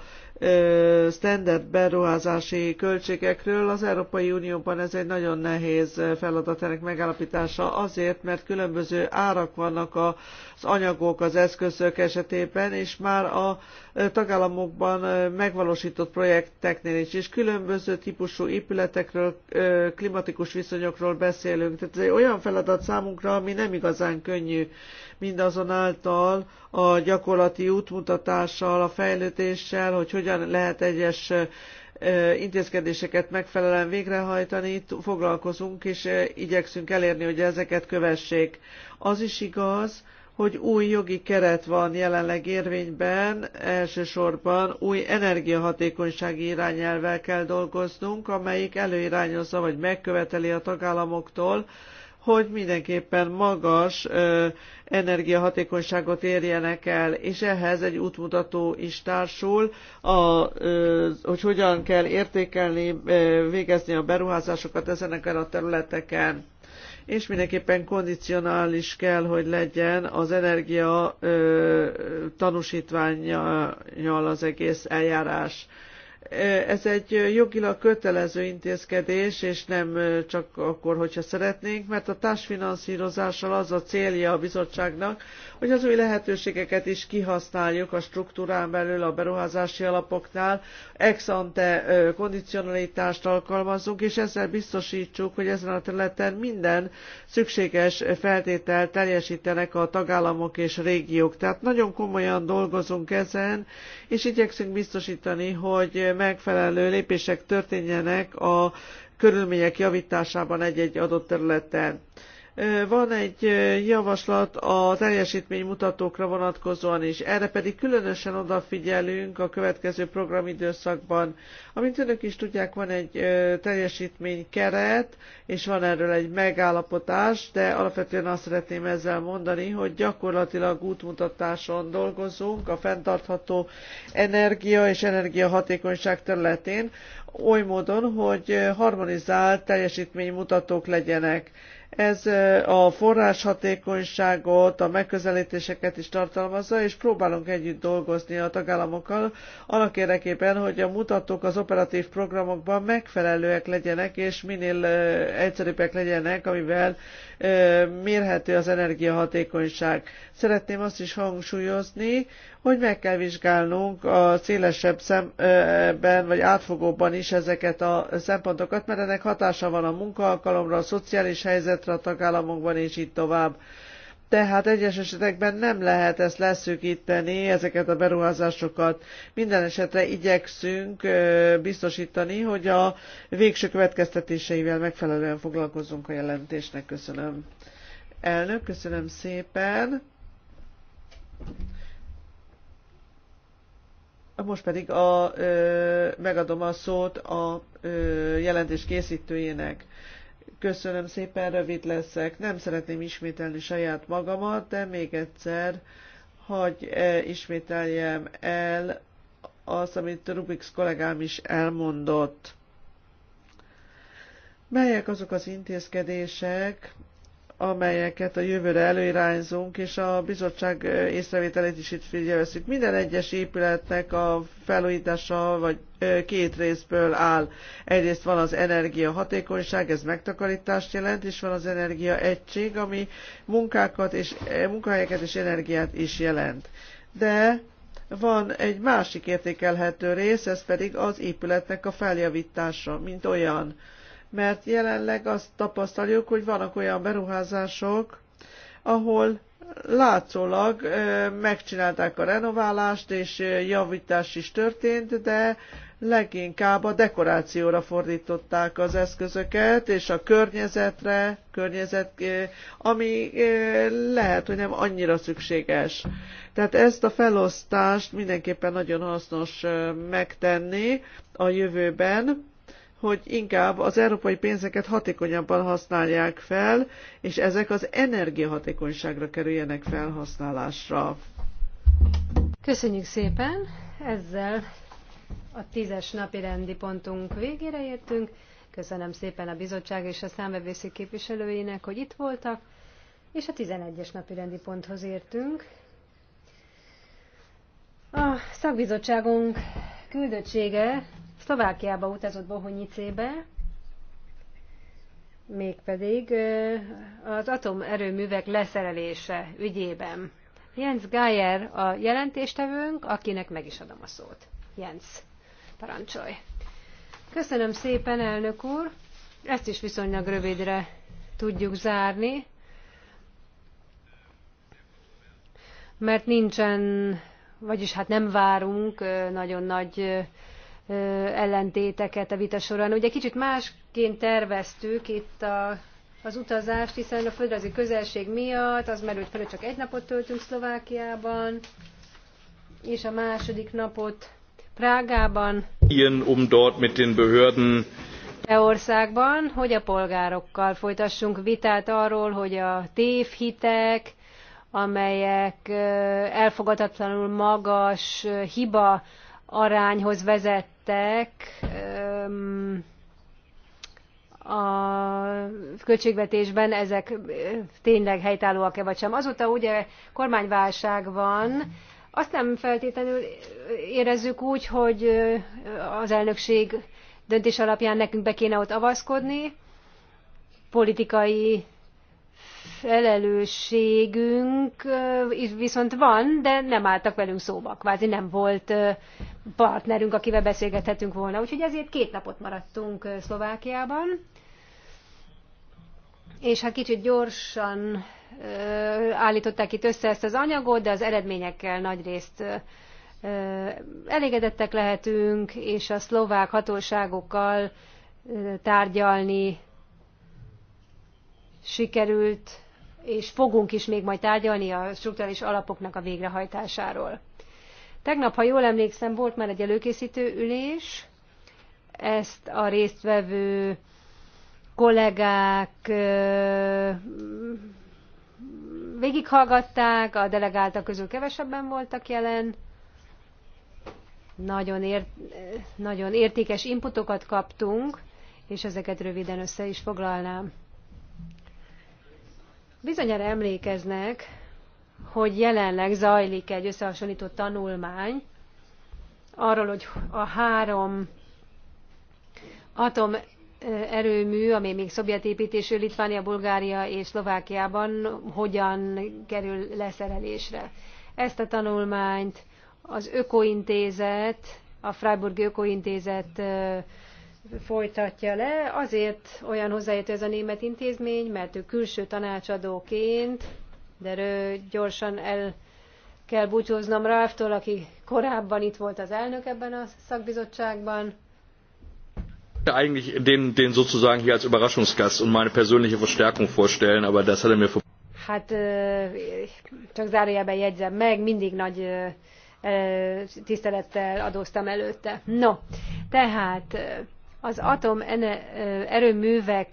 standard beruházási költségekről. Az Európai Unióban ez egy nagyon nehéz feladat ennek megállapítása azért, mert különböző árak vannak az anyagok, az eszközök esetében, és már a tagállamokban megvalósított projekteknél is, és különböző típusú épületekről, klimatikus viszonyokról beszélünk. Tehát ez egy olyan feladat számunkra, ami nem igazán könnyű. Mindazonáltal a gyakorlati útmutatással, a fejlődéssel, hogy hogyan lehet egyes intézkedéseket megfelelően végrehajtani, foglalkozunk, és igyekszünk elérni, hogy ezeket kövessék. Az is igaz, hogy új jogi keret van jelenleg érvényben, elsősorban új energiahatékonysági irányelvel kell dolgoznunk, amelyik előirányozza vagy megköveteli a tagállamoktól, hogy mindenképpen magas ö, energiahatékonyságot érjenek el, és ehhez egy útmutató is társul, a, ö, hogy hogyan kell értékelni, ö, végezni a beruházásokat ezenek a területeken és mindenképpen kondicionális kell, hogy legyen az energia ö, tanúsítványjal az egész eljárás. Ez egy jogilag kötelező intézkedés, és nem csak akkor, hogyha szeretnénk, mert a társfinanszírozással az a célja a bizottságnak, hogy az új lehetőségeket is kihasználjuk a struktúrán belül, a beruházási alapoknál, ex ante kondicionalitást alkalmazunk, és ezzel biztosítsuk, hogy ezen a területen minden szükséges feltételt teljesítenek a tagállamok és régiók. Tehát nagyon komolyan dolgozunk ezen, és igyekszünk biztosítani, hogy megfelelő lépések történjenek a körülmények javításában egy-egy adott területen. Van egy javaslat a teljesítménymutatókra vonatkozóan is, erre pedig különösen odafigyelünk a következő programidőszakban. Amint önök is tudják, van egy teljesítménykeret, és van erről egy megállapotás, de alapvetően azt szeretném ezzel mondani, hogy gyakorlatilag útmutatáson dolgozunk a fenntartható energia és energiahatékonyság területén, oly módon, hogy harmonizált teljesítménymutatók legyenek ez a forráshatékonyságot, a megközelítéseket is tartalmazza, és próbálunk együtt dolgozni a tagállamokkal annak érdekében, hogy a mutatók az operatív programokban megfelelőek legyenek, és minél egyszerűbbek legyenek, amivel mérhető az energiahatékonyság. Szeretném azt is hangsúlyozni, hogy meg kell vizsgálnunk a szélesebb szemben, vagy átfogóban is ezeket a szempontokat, mert ennek hatása van a munkaalkalomra, a szociális helyzet ezekre a tagállamokban, és így tovább. Tehát egyes esetekben nem lehet ezt leszűkíteni, ezeket a beruházásokat. Minden esetre igyekszünk biztosítani, hogy a végső következtetéseivel megfelelően foglalkozzunk a jelentésnek. Köszönöm. Elnök, köszönöm szépen. Most pedig a, ö, megadom a szót a ö, jelentés készítőjének. Köszönöm szépen, rövid leszek. Nem szeretném ismételni saját magamat, de még egyszer, hogy eh, ismételjem el azt, amit Rubik's kollégám is elmondott. Melyek azok az intézkedések, amelyeket a jövőre előirányzunk, és a bizottság észrevételét is itt figyelveszik. Minden egyes épületnek a felújítása vagy két részből áll. Egyrészt van az energia hatékonyság, ez megtakarítást jelent, és van az energia egység, ami munkákat és, munkahelyeket és energiát is jelent. De van egy másik értékelhető rész, ez pedig az épületnek a feljavítása, mint olyan mert jelenleg azt tapasztaljuk, hogy vannak olyan beruházások, ahol látszólag megcsinálták a renoválást, és javítás is történt, de leginkább a dekorációra fordították az eszközöket, és a környezetre, környezet, ami lehet, hogy nem annyira szükséges. Tehát ezt a felosztást mindenképpen nagyon hasznos megtenni a jövőben, hogy inkább az európai pénzeket hatékonyabban használják fel, és ezek az energiahatékonyságra kerüljenek felhasználásra. Köszönjük szépen! Ezzel a tízes napi rendi pontunk végére értünk. Köszönöm szépen a bizottság és a számbevészi képviselőinek, hogy itt voltak, és a 11-es napi rendi ponthoz értünk. A szakbizottságunk küldöttsége Szlovákiába utazott Bohonyicébe, mégpedig az atomerőművek leszerelése ügyében. Jens Geyer a jelentéstevőnk, akinek meg is adom a szót. Jens, parancsolj! Köszönöm szépen, elnök úr! Ezt is viszonylag rövidre tudjuk zárni, mert nincsen, vagyis hát nem várunk nagyon nagy ellentéteket a vita során. Ugye kicsit másként terveztük itt a, az utazást, hiszen a földrajzi közelség miatt az merült fel, csak egy napot töltünk Szlovákiában, és a második napot Prágában. Ilyen, um dort mit den Behörden E Országban, hogy a polgárokkal folytassunk vitát arról, hogy a tévhitek, amelyek elfogadatlanul magas hiba arányhoz vezet, érintettek a költségvetésben ezek tényleg helytállóak-e vagy sem. Azóta ugye kormányválság van, azt nem feltétlenül érezzük úgy, hogy az elnökség döntés alapján nekünk be kéne ott avaszkodni, politikai felelősségünk viszont van, de nem álltak velünk szóba. Kvázi nem volt partnerünk, akivel beszélgethetünk volna. Úgyhogy ezért két napot maradtunk Szlovákiában. És hát kicsit gyorsan állították itt össze ezt az anyagot, de az eredményekkel nagyrészt elégedettek lehetünk, és a szlovák hatóságokkal tárgyalni sikerült, és fogunk is még majd tárgyalni a strukturális alapoknak a végrehajtásáról. Tegnap, ha jól emlékszem, volt már egy előkészítő ülés, ezt a résztvevő kollégák végighallgatták, a delegáltak közül kevesebben voltak jelen, nagyon, ért, nagyon értékes inputokat kaptunk, és ezeket röviden össze is foglalnám. Bizonyára emlékeznek, hogy jelenleg zajlik egy összehasonlító tanulmány arról, hogy a három erőmű, ami még szovjet építésű Litvánia, Bulgária és Szlovákiában hogyan kerül leszerelésre. Ezt a tanulmányt az Ökointézet, a Freiburg Ökointézet folytatja le. Azért olyan hozzáértő ez a német intézmény, mert ő külső tanácsadóként, de ő gyorsan el kell búcsúznom Ráftól, aki korábban itt volt az elnök ebben a szakbizottságban. Eigentlich den, den sozusagen hier als Überraschungsgast und meine persönliche Verstärkung vorstellen, aber das hat er mir Hát csak zárójelben jegyzem meg, mindig nagy tisztelettel adóztam előtte. No, tehát az atom erőművek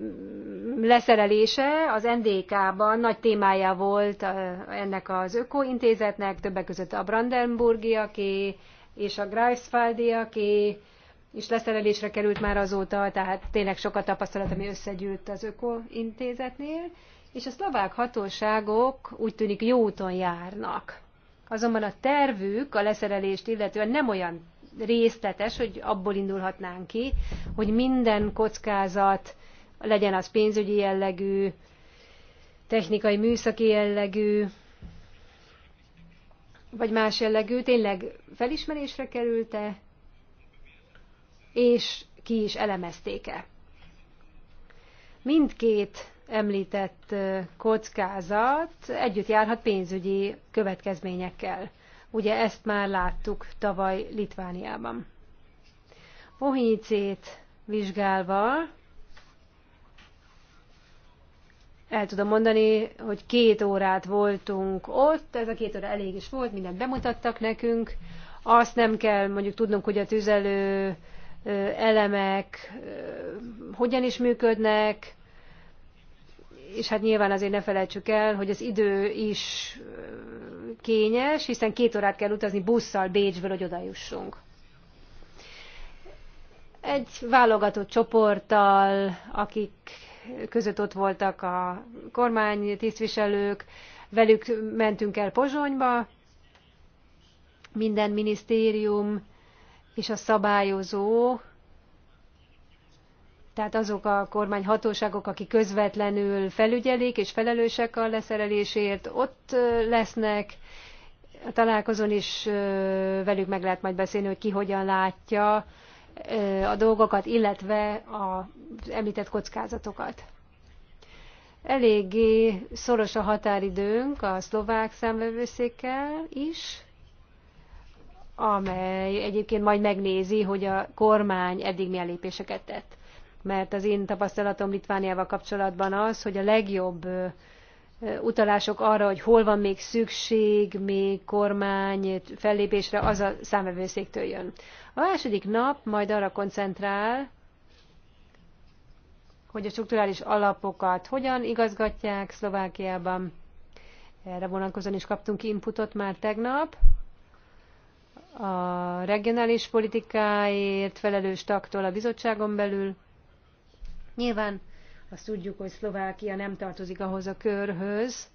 mm, leszerelése az NDK-ban nagy témája volt ennek az ökointézetnek, többek között a Brandenburgiaké és a Greifswaldiaké és leszerelésre került már azóta, tehát tényleg sokat tapasztalat, ami összegyűlt az ökointézetnél, és a szlovák hatóságok úgy tűnik jó úton járnak. Azonban a tervük a leszerelést illetően nem olyan részletes, hogy abból indulhatnánk ki, hogy minden kockázat, legyen az pénzügyi jellegű, technikai, műszaki jellegű, vagy más jellegű, tényleg felismerésre kerülte, és ki is elemezték-e. Mindkét említett kockázat együtt járhat pénzügyi következményekkel. Ugye ezt már láttuk tavaly Litvániában. Pohícét vizsgálva el tudom mondani, hogy két órát voltunk ott, ez a két óra elég is volt, mindent bemutattak nekünk. Azt nem kell mondjuk tudnunk, hogy a tüzelő elemek hogyan is működnek, és hát nyilván azért ne felejtsük el, hogy az idő is kényes, hiszen két órát kell utazni busszal Bécsből, hogy odajussunk. Egy válogatott csoporttal, akik között ott voltak a kormány tisztviselők, velük mentünk el Pozsonyba, minden minisztérium és a szabályozó tehát azok a kormányhatóságok, akik közvetlenül felügyelik és felelősek a leszerelésért, ott lesznek, a találkozón is velük meg lehet majd beszélni, hogy ki hogyan látja a dolgokat, illetve az említett kockázatokat. Eléggé szoros a határidőnk a szlovák számvevőszékkel is, amely egyébként majd megnézi, hogy a kormány eddig milyen lépéseket tett mert az én tapasztalatom Litvániával kapcsolatban az, hogy a legjobb utalások arra, hogy hol van még szükség, még kormány fellépésre, az a számvevőszéktől jön. A második nap majd arra koncentrál, hogy a strukturális alapokat hogyan igazgatják Szlovákiában. Erre vonatkozóan is kaptunk inputot már tegnap. A regionális politikáért felelős taktól a bizottságon belül. Nyilván azt tudjuk, hogy Szlovákia nem tartozik ahhoz a körhöz,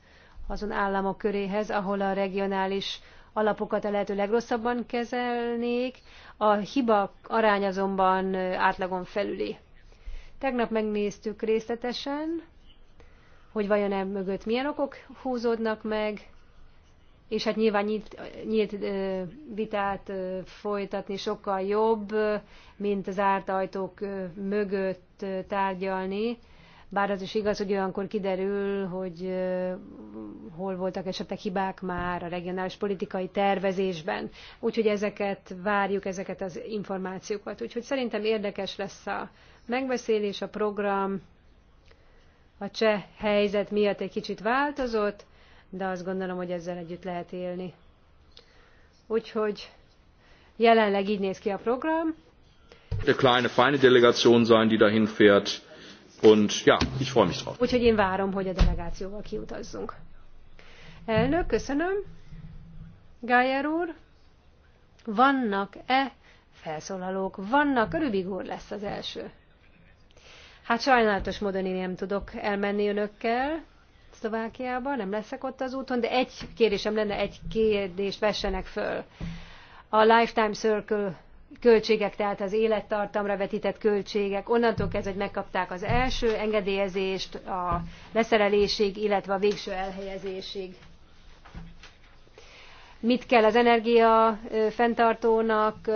azon államok köréhez, ahol a regionális alapokat a lehető legrosszabban kezelnék, a hiba arány azonban átlagon felüli. Tegnap megnéztük részletesen, hogy vajon e mögött milyen okok húzódnak meg, és hát nyilván nyílt, nyílt vitát folytatni sokkal jobb, mint az árt ajtók mögött tárgyalni. Bár az is igaz, hogy olyankor kiderül, hogy hol voltak esetleg hibák már a regionális politikai tervezésben. Úgyhogy ezeket várjuk, ezeket az információkat. Úgyhogy szerintem érdekes lesz a megbeszélés, a program a cseh helyzet miatt egy kicsit változott, de azt gondolom, hogy ezzel együtt lehet élni. Úgyhogy jelenleg így néz ki a program. Eine kleine, feine Delegation sein, die dahin fährt. Und ja, ich freue mich drauf. Úgyhogy én várom, hogy a delegációval kiutazzunk. Elnök, köszönöm. Gájer úr, vannak-e felszólalók? Vannak, Rübig úr lesz az első. Hát sajnálatos módon én nem tudok elmenni önökkel, Szlovákiában, nem leszek ott az úton, de egy kérésem lenne, egy kérdés vessenek föl. A Lifetime Circle költségek, tehát az élettartamra vetített költségek, onnantól kezdve, hogy megkapták az első engedélyezést, a leszerelésig, illetve a végső elhelyezésig. Mit kell az energia fenntartónak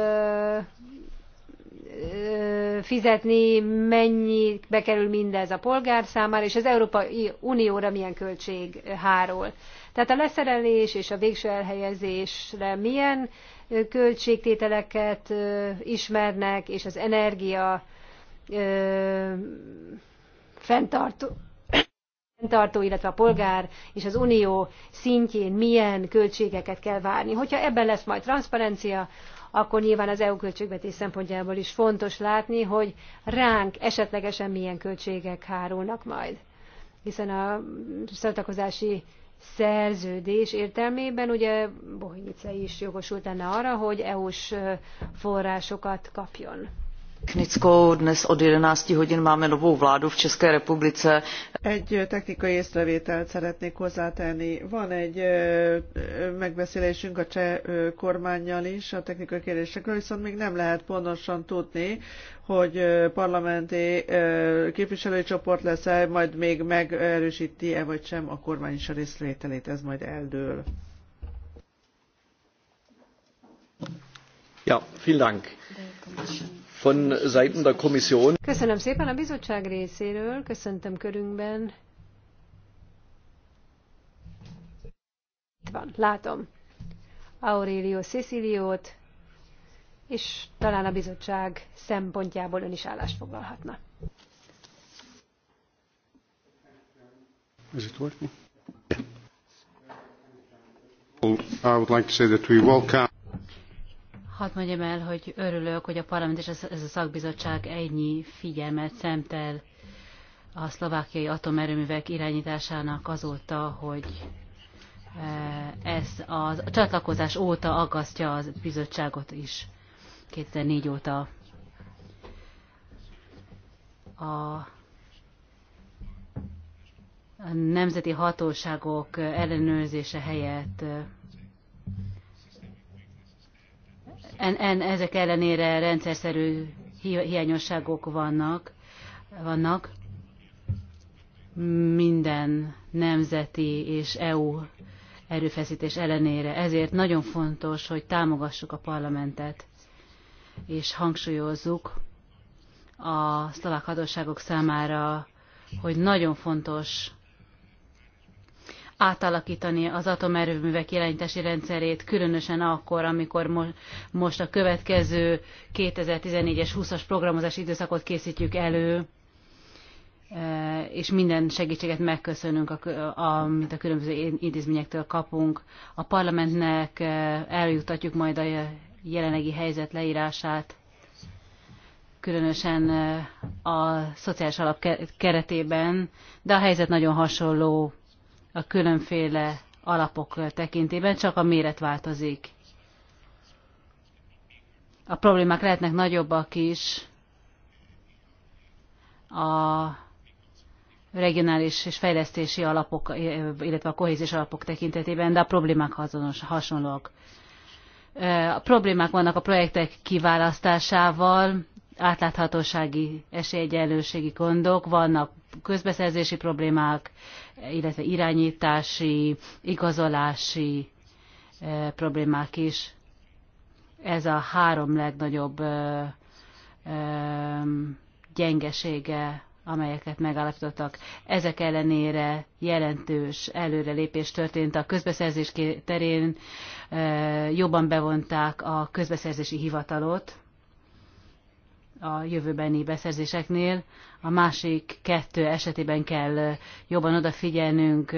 fizetni, mennyi bekerül mindez a polgár számára, és az Európai Unióra milyen költség hárul. Tehát a leszerelés és a végső elhelyezésre milyen költségtételeket ismernek, és az energia fenntartó, tartó, illetve a polgár és az unió szintjén milyen költségeket kell várni. Hogyha ebben lesz majd transzparencia, akkor nyilván az EU költségvetés szempontjából is fontos látni, hogy ránk esetlegesen milyen költségek hárulnak majd. Hiszen a szatakozási szerződés értelmében ugye Bohinice is jogosult lenne arra, hogy EU-s forrásokat kapjon technickou. Dnes od 11 hodin máme novou vládu v České republice. Egy eh, technikai észrevételt szeretnék hozzátenni. Van egy eh, megbeszélésünk a cseh eh, kormányjal is a technikai kérdésekről, viszont még nem lehet pontosan tudni, hogy parlamenti képviselői csoport lesz-e, majd még megerősíti-e vagy sem a kormány is a részvételét. Ez majd eldől. Ja, vielen Dank von Seiten der Kommission. Köszönöm szépen a bizottság részéről, köszöntöm körünkben. Itt van, látom. Aurelio Ceciliót, és talán a bizottság szempontjából ön is állást foglalhatna. Is it working? I would like to say that we welcome Hadd mondjam el, hogy örülök, hogy a parlament és ez a szakbizottság ennyi figyelmet szemtel a szlovákiai atomerőművek irányításának azóta, hogy e, ez a csatlakozás óta aggasztja a bizottságot is, 2004 óta. A a nemzeti hatóságok ellenőrzése helyett en, en, ezek ellenére rendszerszerű hi, hiányosságok vannak, vannak. Minden nemzeti és EU erőfeszítés ellenére. Ezért nagyon fontos, hogy támogassuk a parlamentet, és hangsúlyozzuk a szlovák hatóságok számára, hogy nagyon fontos átalakítani az atomerőművek jelentési rendszerét, különösen akkor, amikor mo most a következő 2014-es 20-as programozási időszakot készítjük elő, e, és minden segítséget megköszönünk, amit a különböző intézményektől kapunk. A parlamentnek e, eljutatjuk majd a jelenlegi helyzet leírását, különösen e, a szociális alap keretében, de a helyzet nagyon hasonló a különféle alapok tekintében, csak a méret változik. A problémák lehetnek nagyobbak is a regionális és fejlesztési alapok, eh, illetve a kohéziós alapok tekintetében, de a problémák hazonos, hasonlók. Eh, a problémák vannak a projektek kiválasztásával, átláthatósági, esélyegyenlőségi gondok, vannak közbeszerzési problémák, illetve irányítási, igazolási eh, problémák is. Ez a három legnagyobb eh, eh, gyengesége, amelyeket megállapítottak. Ezek ellenére jelentős előrelépés történt a közbeszerzés terén, jobban bevonták a közbeszerzési hivatalot, a jövőbeni beszerzéseknél. A másik kettő esetében kell jobban odafigyelnünk,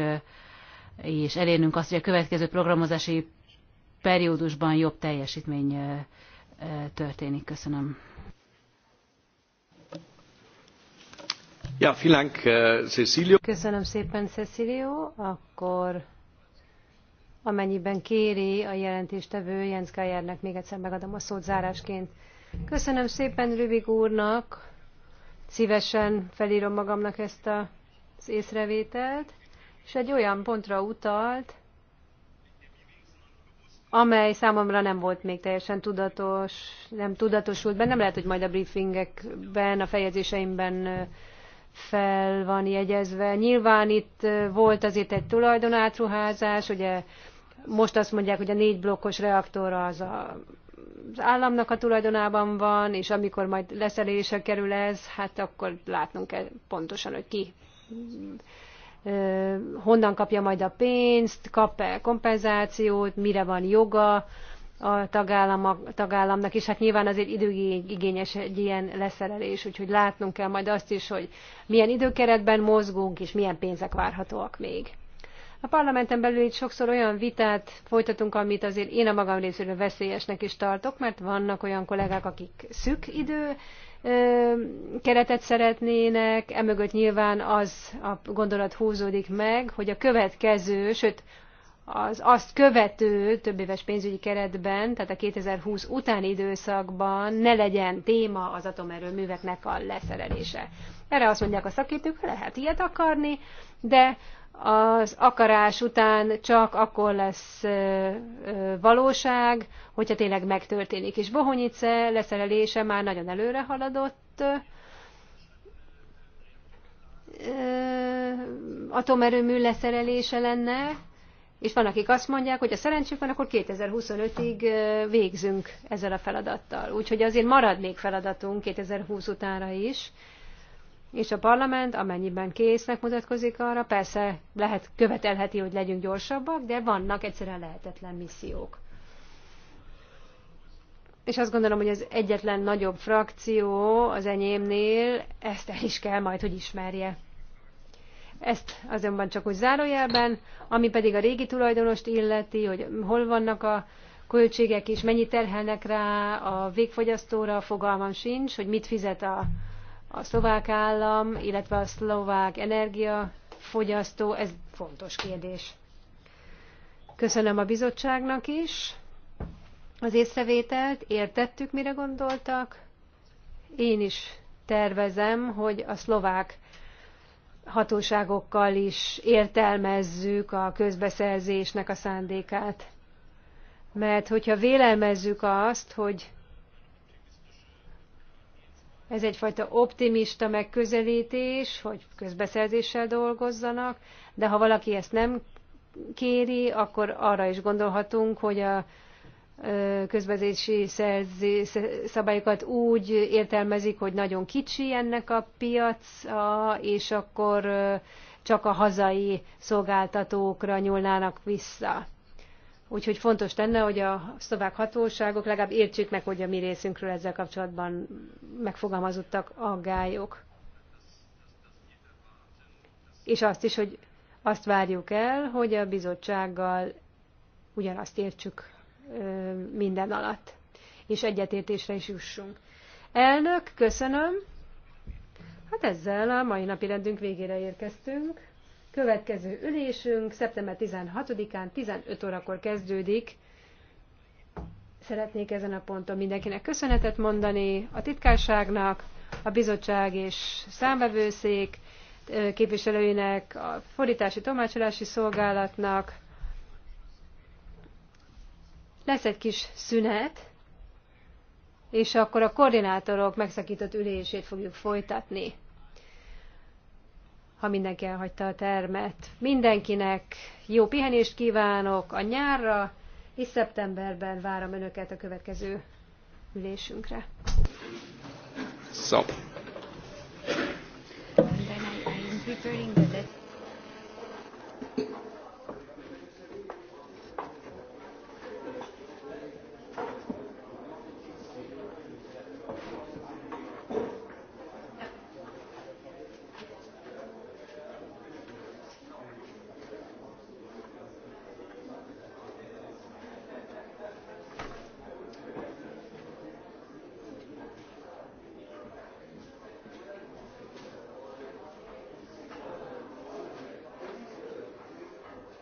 és elérnünk azt, hogy a következő programozási periódusban jobb teljesítmény történik. Köszönöm. Ja, vielen Dank, äh, Cecilio. Köszönöm szépen, Cecilio. Akkor amennyiben kéri a jelentéstevő Jens Gajernek, még egyszer megadom a szót zárásként. Köszönöm szépen Rübig úrnak. Szívesen felírom magamnak ezt a, az észrevételt, és egy olyan pontra utalt, amely számomra nem volt még teljesen tudatos, nem tudatosult benne. Nem lehet, hogy majd a briefingekben, a fejezéseimben fel van jegyezve. Nyilván itt volt azért egy tulajdonátruházás, ugye most azt mondják, hogy a négy blokkos reaktor az a az államnak a tulajdonában van, és amikor majd leszelése kerül ez, hát akkor látnunk kell pontosan, hogy ki honnan kapja majd a pénzt, kap-e kompenzációt, mire van joga a tagállamnak, és hát nyilván azért időigényes egy ilyen leszerelés, úgyhogy látnunk kell majd azt is, hogy milyen időkeretben mozgunk, és milyen pénzek várhatóak még. A parlamenten belül itt sokszor olyan vitát folytatunk, amit azért én a magam részéről veszélyesnek is tartok, mert vannak olyan kollégák, akik szűk idő keretet szeretnének, emögött nyilván az a gondolat húzódik meg, hogy a következő, sőt az azt követő éves pénzügyi keretben, tehát a 2020 utáni időszakban ne legyen téma az atomerőműveknek a leszerelése. Erre azt mondják a szakértők, lehet ilyet akarni, de az akarás után csak akkor lesz valóság, hogyha tényleg megtörténik. És Bohonyice leszerelése már nagyon előre haladott atomerőmű leszerelése lenne, és van, akik azt mondják, hogy a szerencsük van, akkor 2025-ig végzünk ezzel a feladattal. Úgyhogy azért marad még feladatunk 2020 utára is, és a parlament, amennyiben késznek mutatkozik arra, persze lehet, követelheti, hogy legyünk gyorsabbak, de vannak egyszerűen lehetetlen missziók. És azt gondolom, hogy az egyetlen nagyobb frakció az enyémnél ezt el is kell majd, hogy ismerje. Ezt azonban csak úgy zárójelben, ami pedig a régi tulajdonost illeti, hogy hol vannak a költségek és mennyi terhelnek rá a végfogyasztóra, fogalmam sincs, hogy mit fizet a a szlovák állam, illetve a szlovák energiafogyasztó, ez fontos kérdés. Köszönöm a bizottságnak is az észrevételt, értettük, mire gondoltak. Én is tervezem, hogy a szlovák hatóságokkal is értelmezzük a közbeszerzésnek a szándékát. Mert hogyha vélelmezzük azt, hogy ez egyfajta optimista megközelítés, hogy közbeszerzéssel dolgozzanak, de ha valaki ezt nem kéri, akkor arra is gondolhatunk, hogy a közbezési szabályokat úgy értelmezik, hogy nagyon kicsi ennek a piaca, és akkor csak a hazai szolgáltatókra nyúlnának vissza. Úgyhogy fontos lenne, hogy a szlovák hatóságok legalább értsék meg, hogy a mi részünkről ezzel kapcsolatban megfogalmazottak aggályok. És azt is, hogy azt várjuk el, hogy a bizottsággal ugyanazt értsük minden alatt, és egyetértésre is jussunk. Elnök, köszönöm. Hát ezzel a mai napi rendünk végére érkeztünk. Következő ülésünk szeptember 16-án 15 órakor kezdődik. Szeretnék ezen a ponton mindenkinek köszönetet mondani, a titkárságnak, a bizottság és számvevőszék képviselőinek, a fordítási tolmácsolási szolgálatnak. Lesz egy kis szünet, és akkor a koordinátorok megszakított ülését fogjuk folytatni ha mindenki elhagyta a termet. Mindenkinek jó pihenést kívánok a nyárra, és szeptemberben várom Önöket a következő ülésünkre. So. And then I, preparing the